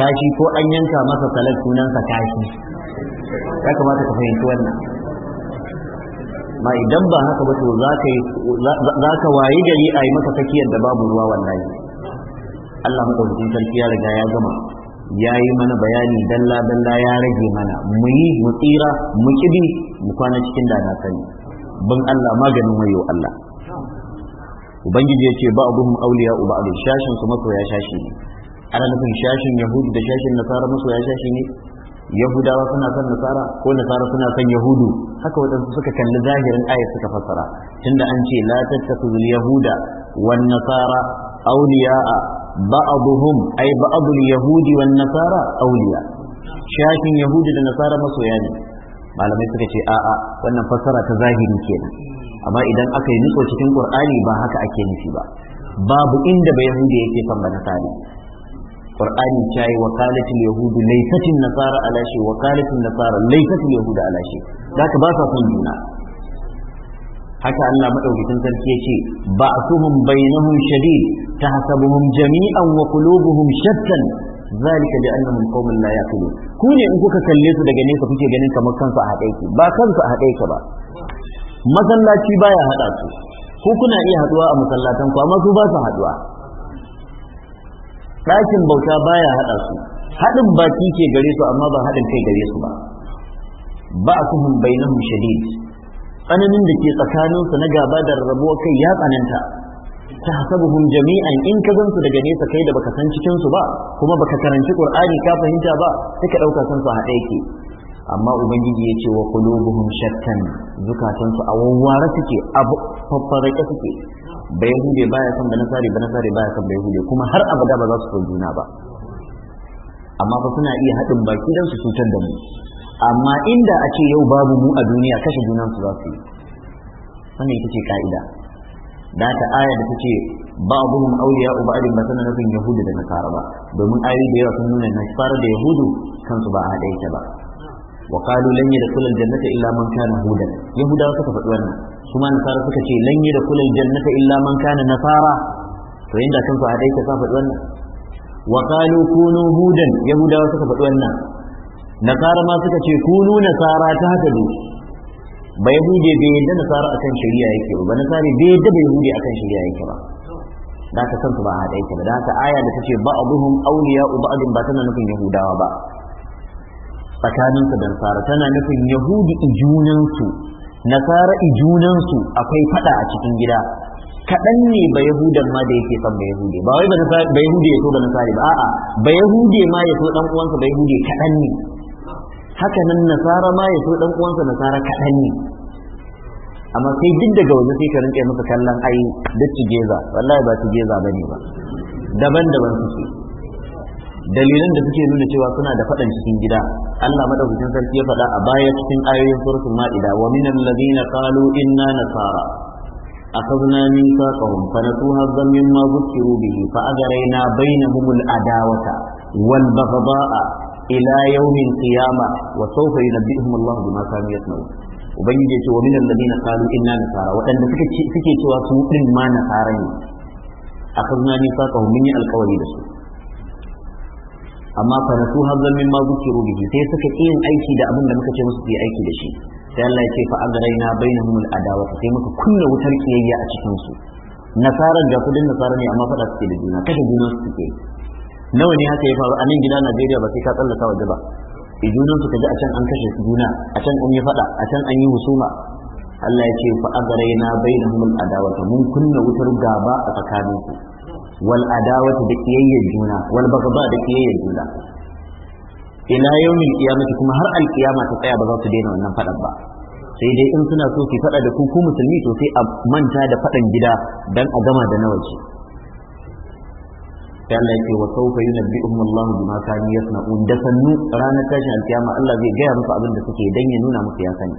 kashi ko an yanka masa salat sunansa kashi ya kamata ka fahimci wannan ma idan ba haka ba to za ka wayi gari a yi maka tsakiyar da babu ruwa wallahi Allah madaukakin sarki ya riga ya gama ya yi mana bayani dalla dalla ya rage mana mu yi mu tsira mu kidi mu kwana cikin da na sani bin Allah maganin wayo Allah ubangiji ya ce ba abun auliya uba abin shashin su masoya shashi ne ana nufin shashin yahudu da shashin nasara masoya shashi ne yahudawa suna son nasara ko nasara suna son yahudu haka wadansu suka kalli zahirin ayat suka fassara tunda an ce la tattakhudul yahuda wan nasara awliya'a ba'aduhum ay ba'adul yahudi wan nasara awliya shashin yahudi da nasara masoya ne malamai suka ce a'a wannan fassara ta zahiri kenan amma idan aka yi nutso cikin ƙur'ani ba haka ake nufi ba babu inda ba yahudi yake son ba nasari qur'ani ta yi wakalatul yahudu laysatin nasara alashe. shi nasara laysatul yahudu alashe. shi zaka ba sa son juna haka Allah madaukakin sarki yace ba'suhum bainahum shadid tahsabuhum jami'an wa qulubuhum shattan zalika bi annahum qaumun la yaqilun ku ne in kuka kalle su daga nesa kuke ganin kamar kansu a haɗe ki ba kansu a haɗe ka ba masallaci baya haɗa su ku kuna iya haɗuwa a masallatan ku amma su ba su haɗuwa ɗakin bauta baya haɗa su haɗin baki ke gare su amma ba haɗin kai gare su ba ba su hun bainahum shadid tsananin da ke tsakaninsu na gaba da rabuwa kai ya tsananta ta hasabuhum jami'an in ka gansu daga nesa kai da baka san cikin su ba kuma baka karanci qur'ani ka fahimta ba sai ka dauka san su haɗe yake amma ubangiji ya ce wa qulubuhum shakkan zukatan su a wawware suke abu faffarake suke ba baya son da nasari ba nasari baya son bai hude, kuma har abada ba za su so ba amma fa suna iya haɗin baki dan su cutar da mu amma inda a ce yau babu mu a duniya kashe junan su za su yi wannan ita ce ka'ida da ta aya da take mun auliya u ba'dhin ba sanan nufin yahudu da nasara ba domin ayi da yawa sun nuna fara da yahudu kansu ba a ita ba wa qalu lan yadkhul al-jannata illa man kana hudan yahuda suka faɗi wannan su ma nasara suka ce lan yadkhul al-jannata illa man kana nasara to inda kansu a ita ta faɗi wannan wa qalu kunu hudan yahuda suka faɗi wannan nasara ma suka ce kunu nasara ta haka ne ba hude bai yadda nasara akan shari'a yake ba ba nasari bai yadda ba yahude akan shari'a yake ba da ka san su ba haɗa yake ba da haka aya da ta ce ba auliya awliya'u ba'din ba tana nufin yahudawa ba tsakanin su da nasara tana nufin yahudi ijunan su nasara ijunan su akwai fada a cikin gida kaɗan ne ba yahudan ma da yake son ba yahude ba wai ba yahude ya so ba nasari ba a'a ba yahude ma ya so dan uwansa ba yahude kaɗan ne haka nan nasara ma ya so dan uwansa nasara kaɗan ne amma sai duk daga waje sai ka rinka masa kallon ai duk tijeza wallahi ba tijeza bane ba daban-daban suke dalilan da suke nuna cewa suna da faɗan cikin gida Allah madaukakin sarki ya faɗa a baya cikin ayoyin suratul ma'ida wa min alladhina qalu inna nasara akhadna mithaqahum fa nasu hazzan mimma dhukiru bihi fa ajrayna bainahum al adawata wal baghdha'a ila yawmin qiyama wa sawfa yunabbihum Allah bima kanu yasnaun ubangiji ce wa min alladhina qalu inna nasara wadanda suka suke cewa su din ma nasara ne akhadna ni fa qawmin yi alqawli da su amma fa nasu hazzan mimma zukiru bihi sai suka yin aiki da abin da muka ce musu yi aiki da shi sai Allah ya ce fa agraina bainahum aladawa sai muka kunna wutar kiyayya a cikin su nasarar ga nasara ne amma fada suke da juna kashe juna suke nawa ne haka ya faru a nan gida Najeriya ba sai ka tsallaka waje ba ijunan su kaji a can an kashe juna a can an yi fada a can an yi husuma Allah ya ce fa agaraina bainahum adawata mun kunna wutar gaba a tsakanin su wal adawata da kiyayyar juna wal bagaba da kiyayyar juna ila yawmin qiyamati kuma har al qiyama ta tsaya ba za su daina wannan fadan ba sai dai in suna so ki fada da ku ku musulmi to sai a manta da fadan gida dan a gama da nawaji sai Allah yake wa sawfa yunabbi'uhum Allah bima kanu yasna'un da sannu ranar tashin alkiyama Allah zai gaya musu abin da suke dan ya nuna musu ya sani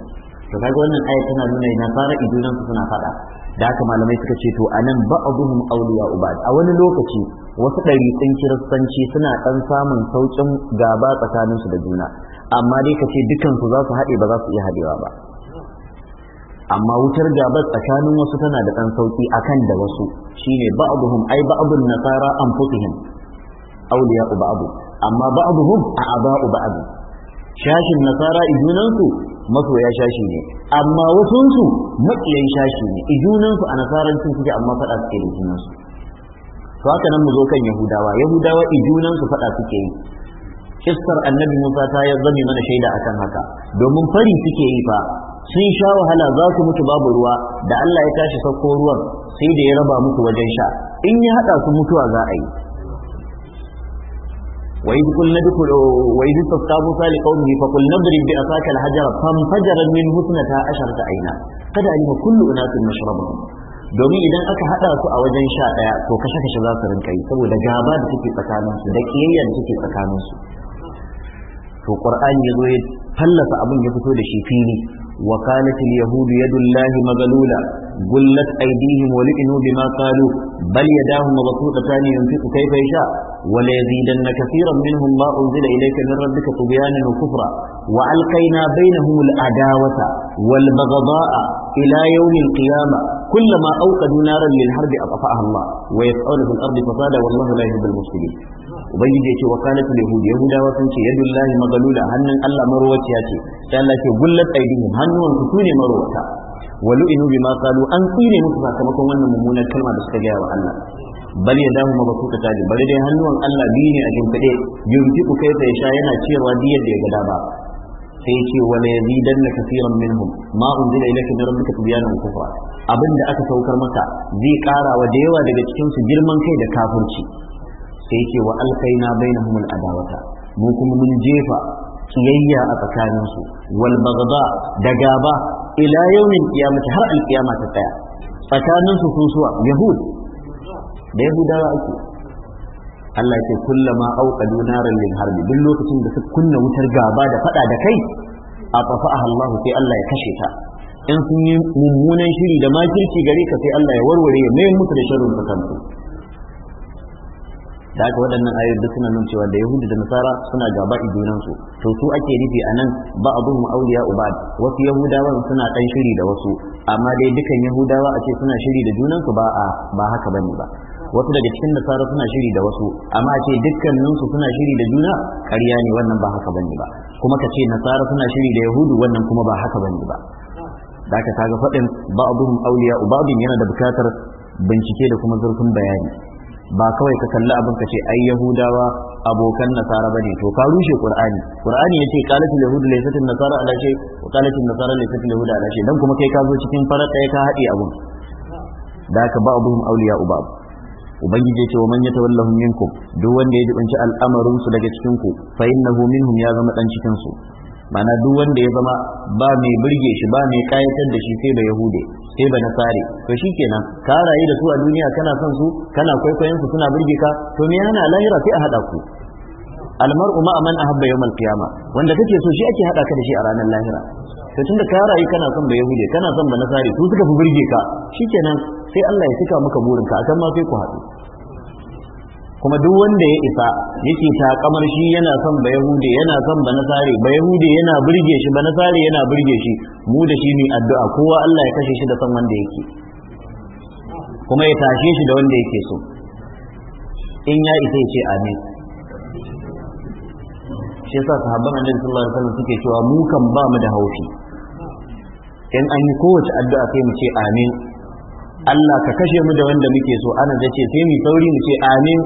to kaga wannan aya tana nuna ina fara idunan su suna fada da haka malamai suka ce to anan ba'dhum awliya ubad a wani lokaci wasu ɗariƙun kiristanci suna ɗan samun saukin gaba tsakaninsu da juna amma dai ka ce dukansu za su haɗe ba za su iya haɗewa ba amma wutar gaba tsakanin wasu tana da ɗan sauƙi akan da wasu shine ba'dhum ai ba'dun nasara anfusihim awliya ba'du amma ba'dhum a'ba'u ba'd shashin nasara ijunansu masoya shashi ne amma wasunsu maƙiyan shashi ne ijunansu a nasarancin suke amma faɗa suke da junansu to haka nan mu zo kan yahudawa yahudawa ijunansu faɗa suke yi Kistar annabi musa ta zame mana shaida akan haka domin fari suke yi fa sun sha wahala za su mutu babu ruwa da Allah ya tashi sauko ruwan sai da ya raba muku wajen sha in ya hada su mutuwa za a yi وإذ قلنا ادخلوا وإذ استسقى موسى لقومه فقلنا اضرب بعصاك الحجر فانفجر منه اثنتا عشرة عينا قد علم كل أناس مشربهم domin idan aka hada su a wajen sha daya to kashe kashe za su rinka yi saboda gaba da take tsakanin su da kiyayya da take tsakanin su to qur'ani yazo ya fallasa abin ya fito da shi fili وقالت اليهود يد الله مغلولة غلت أيديهم ولئنوا بما قالوا بل يداه مبسوطتان ينفق كيف يشاء وليزيدن كثيرا منهم ما أنزل إليك من ربك طغيانا وكفرا وألقينا بينهم العداوة والبغضاء إلى يوم القيامة كلما أوقدوا نارا للحرب أطفأها الله ويسعون في الأرض فسادا والله لا يحب المفسدين ubangiji ya ce wa kanat yahudi yahudawa sun ce yadullahi magalula hannun Allah ya ce sai Allah ce gullat aidihim hannuwan su ne marwata walu inu bima qalu an tsine musu sakamakon wannan mummunar kalma da suka gaya wa Allah bal ya damu mabasuka taji bari dai hannuwan Allah biyu ne a shimfiɗe yunfiku kaifa yasha yana cewa diyar da ya gada ba sai ce wala yazidanna kafiran minhum ma unzila ilayka min rabbika tibyanan kufra abinda aka saukar maka zai ƙara wa da yawa daga cikin su girman kai da kafirci sai ce wa alkaina bainahum adawata mu kuma mun jefa kiyayya a tsakanin su wal da gaba ila yawmin qiyamati har alqiyama ta tsaya tsakanin su susuwa yahud da yahudawa ake Allah ce kullama auqadu naran lil harbi duk lokacin da suka kunna wutar gaba da fada da kai a tafa'aha Allah sai Allah ya kashe ta in sun yi mummunan shiri da makirci gare ka sai Allah ya warware ya mai musu da sharrin su kansu da aka waɗannan ayoyi duk suna nuna cewa da yahudu da nasara suna gaba junan su to su ake rufe a nan ba a zuhun auliya ubad wasu yahudawan suna ɗan shiri da wasu amma dai dukan yahudawa a ce suna shiri da junansu ba a ba haka bane ba wasu daga cikin nasara suna shiri da wasu amma ce dukkaninsu suna shiri da juna ƙarya ne wannan ba haka bane ba kuma ka ce nasara suna shiri da yahudu wannan kuma ba haka bane ba da ka kaga faɗin ba'dhum awliya ba'dhum yana da bukatar bincike da kuma zurfin bayani ba kawai ka kalli abin ka ce ai yahudawa abokan nasara bane to ka rushe qur'ani qur'ani yace qalatul yahudu laysat nasara ala shay wa qalatul nasara laysat yahudu ala shay dan kuma kai ka zo cikin farat ɗaya ka haɗe abun da ka ba abun auliya ubab ubangiji ya ce wa manyata wallahun minkum duk wanda ya dubanci al'amarin su daga cikin ku fa innahu minhum ya zama dan cikin su mana duk wanda ya zama ba mai burge shi ba mai kayatar da shi sai ba yahude sai ba nasare to shikenan ka rayu da su a duniya kana son su kana kwaikwayon su suna burge ka to me yana lahira sai a hada ku almar'u ma man ahabba yawmal qiyama wanda kake so shi ake hada ka da shi a ranar lahira to tunda ka rayu kana son ba yahude kana son ba nasare su suka fi burge ka shikenan sai Allah ya cika maka burinka akan ma sai ku haɗu kuma duk wanda ya isa yake kamar shi yana son ba yahude yana son ba nasare ba yahude yana burge shi ba nasare yana burge shi mu da shi ne addu'a kowa Allah ya kashe shi da son wanda yake kuma ya tashe shi da wanda yake so in ya isa ya ce amin shi yasa sahabban annabi sallallahu alaihi wasallam suke cewa mu kan ba mu da haushi, in an yi kowace addu'a sai mu ce amin Allah ka kashe mu da wanda muke so ana zace ce sai mu sauri mu ce amin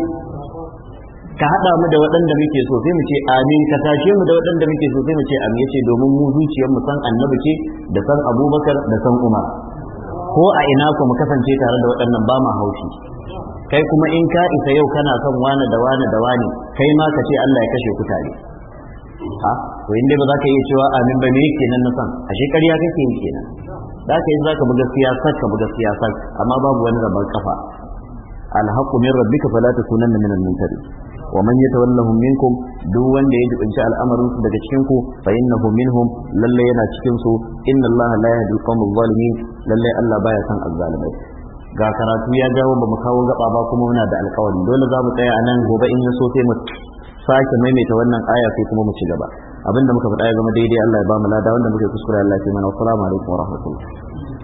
ka haɗa mu da waɗanda muke so sai mu ce amin ka tashe mu da waɗanda muke so sai mu ce amin yace domin mu zuciyar mu san annabi ce da san abubakar da san umar ko a ina ku mu kasance tare da waɗannan ba ma haushi kai kuma in ka isa yau kana son wani da wani da wani kai ma ka ce Allah ya kashe ku tare ha to inda ba za ka iya cewa amin ba ne kenan na san ashe ƙarya kake yi kenan za ka yi zaka bi gaskiya ka buga siyasar amma babu wani rabar kafa alhaqqu min rabbika fala takunanna minal mumtarin wa man yatawallahum minkum duk wanda ya dubinci al'amarin su daga cikin ku fa innahu minhum lalle yana cikin su inna allaha la yahdi al-qawmal zalimin lalle allah baya san azzalimai ga karatu ya jawo ba mu kawo gaba ba kuma muna da alƙawari dole za mu tsaya a nan gobe in ya so sai mu sake maimaita wannan aya sai kuma mu ci gaba abinda muka faɗa ya zama daidai Allah ya ba mu lada wanda muke kuskura Allah ya ce mana assalamu alaikum wa rahmatullah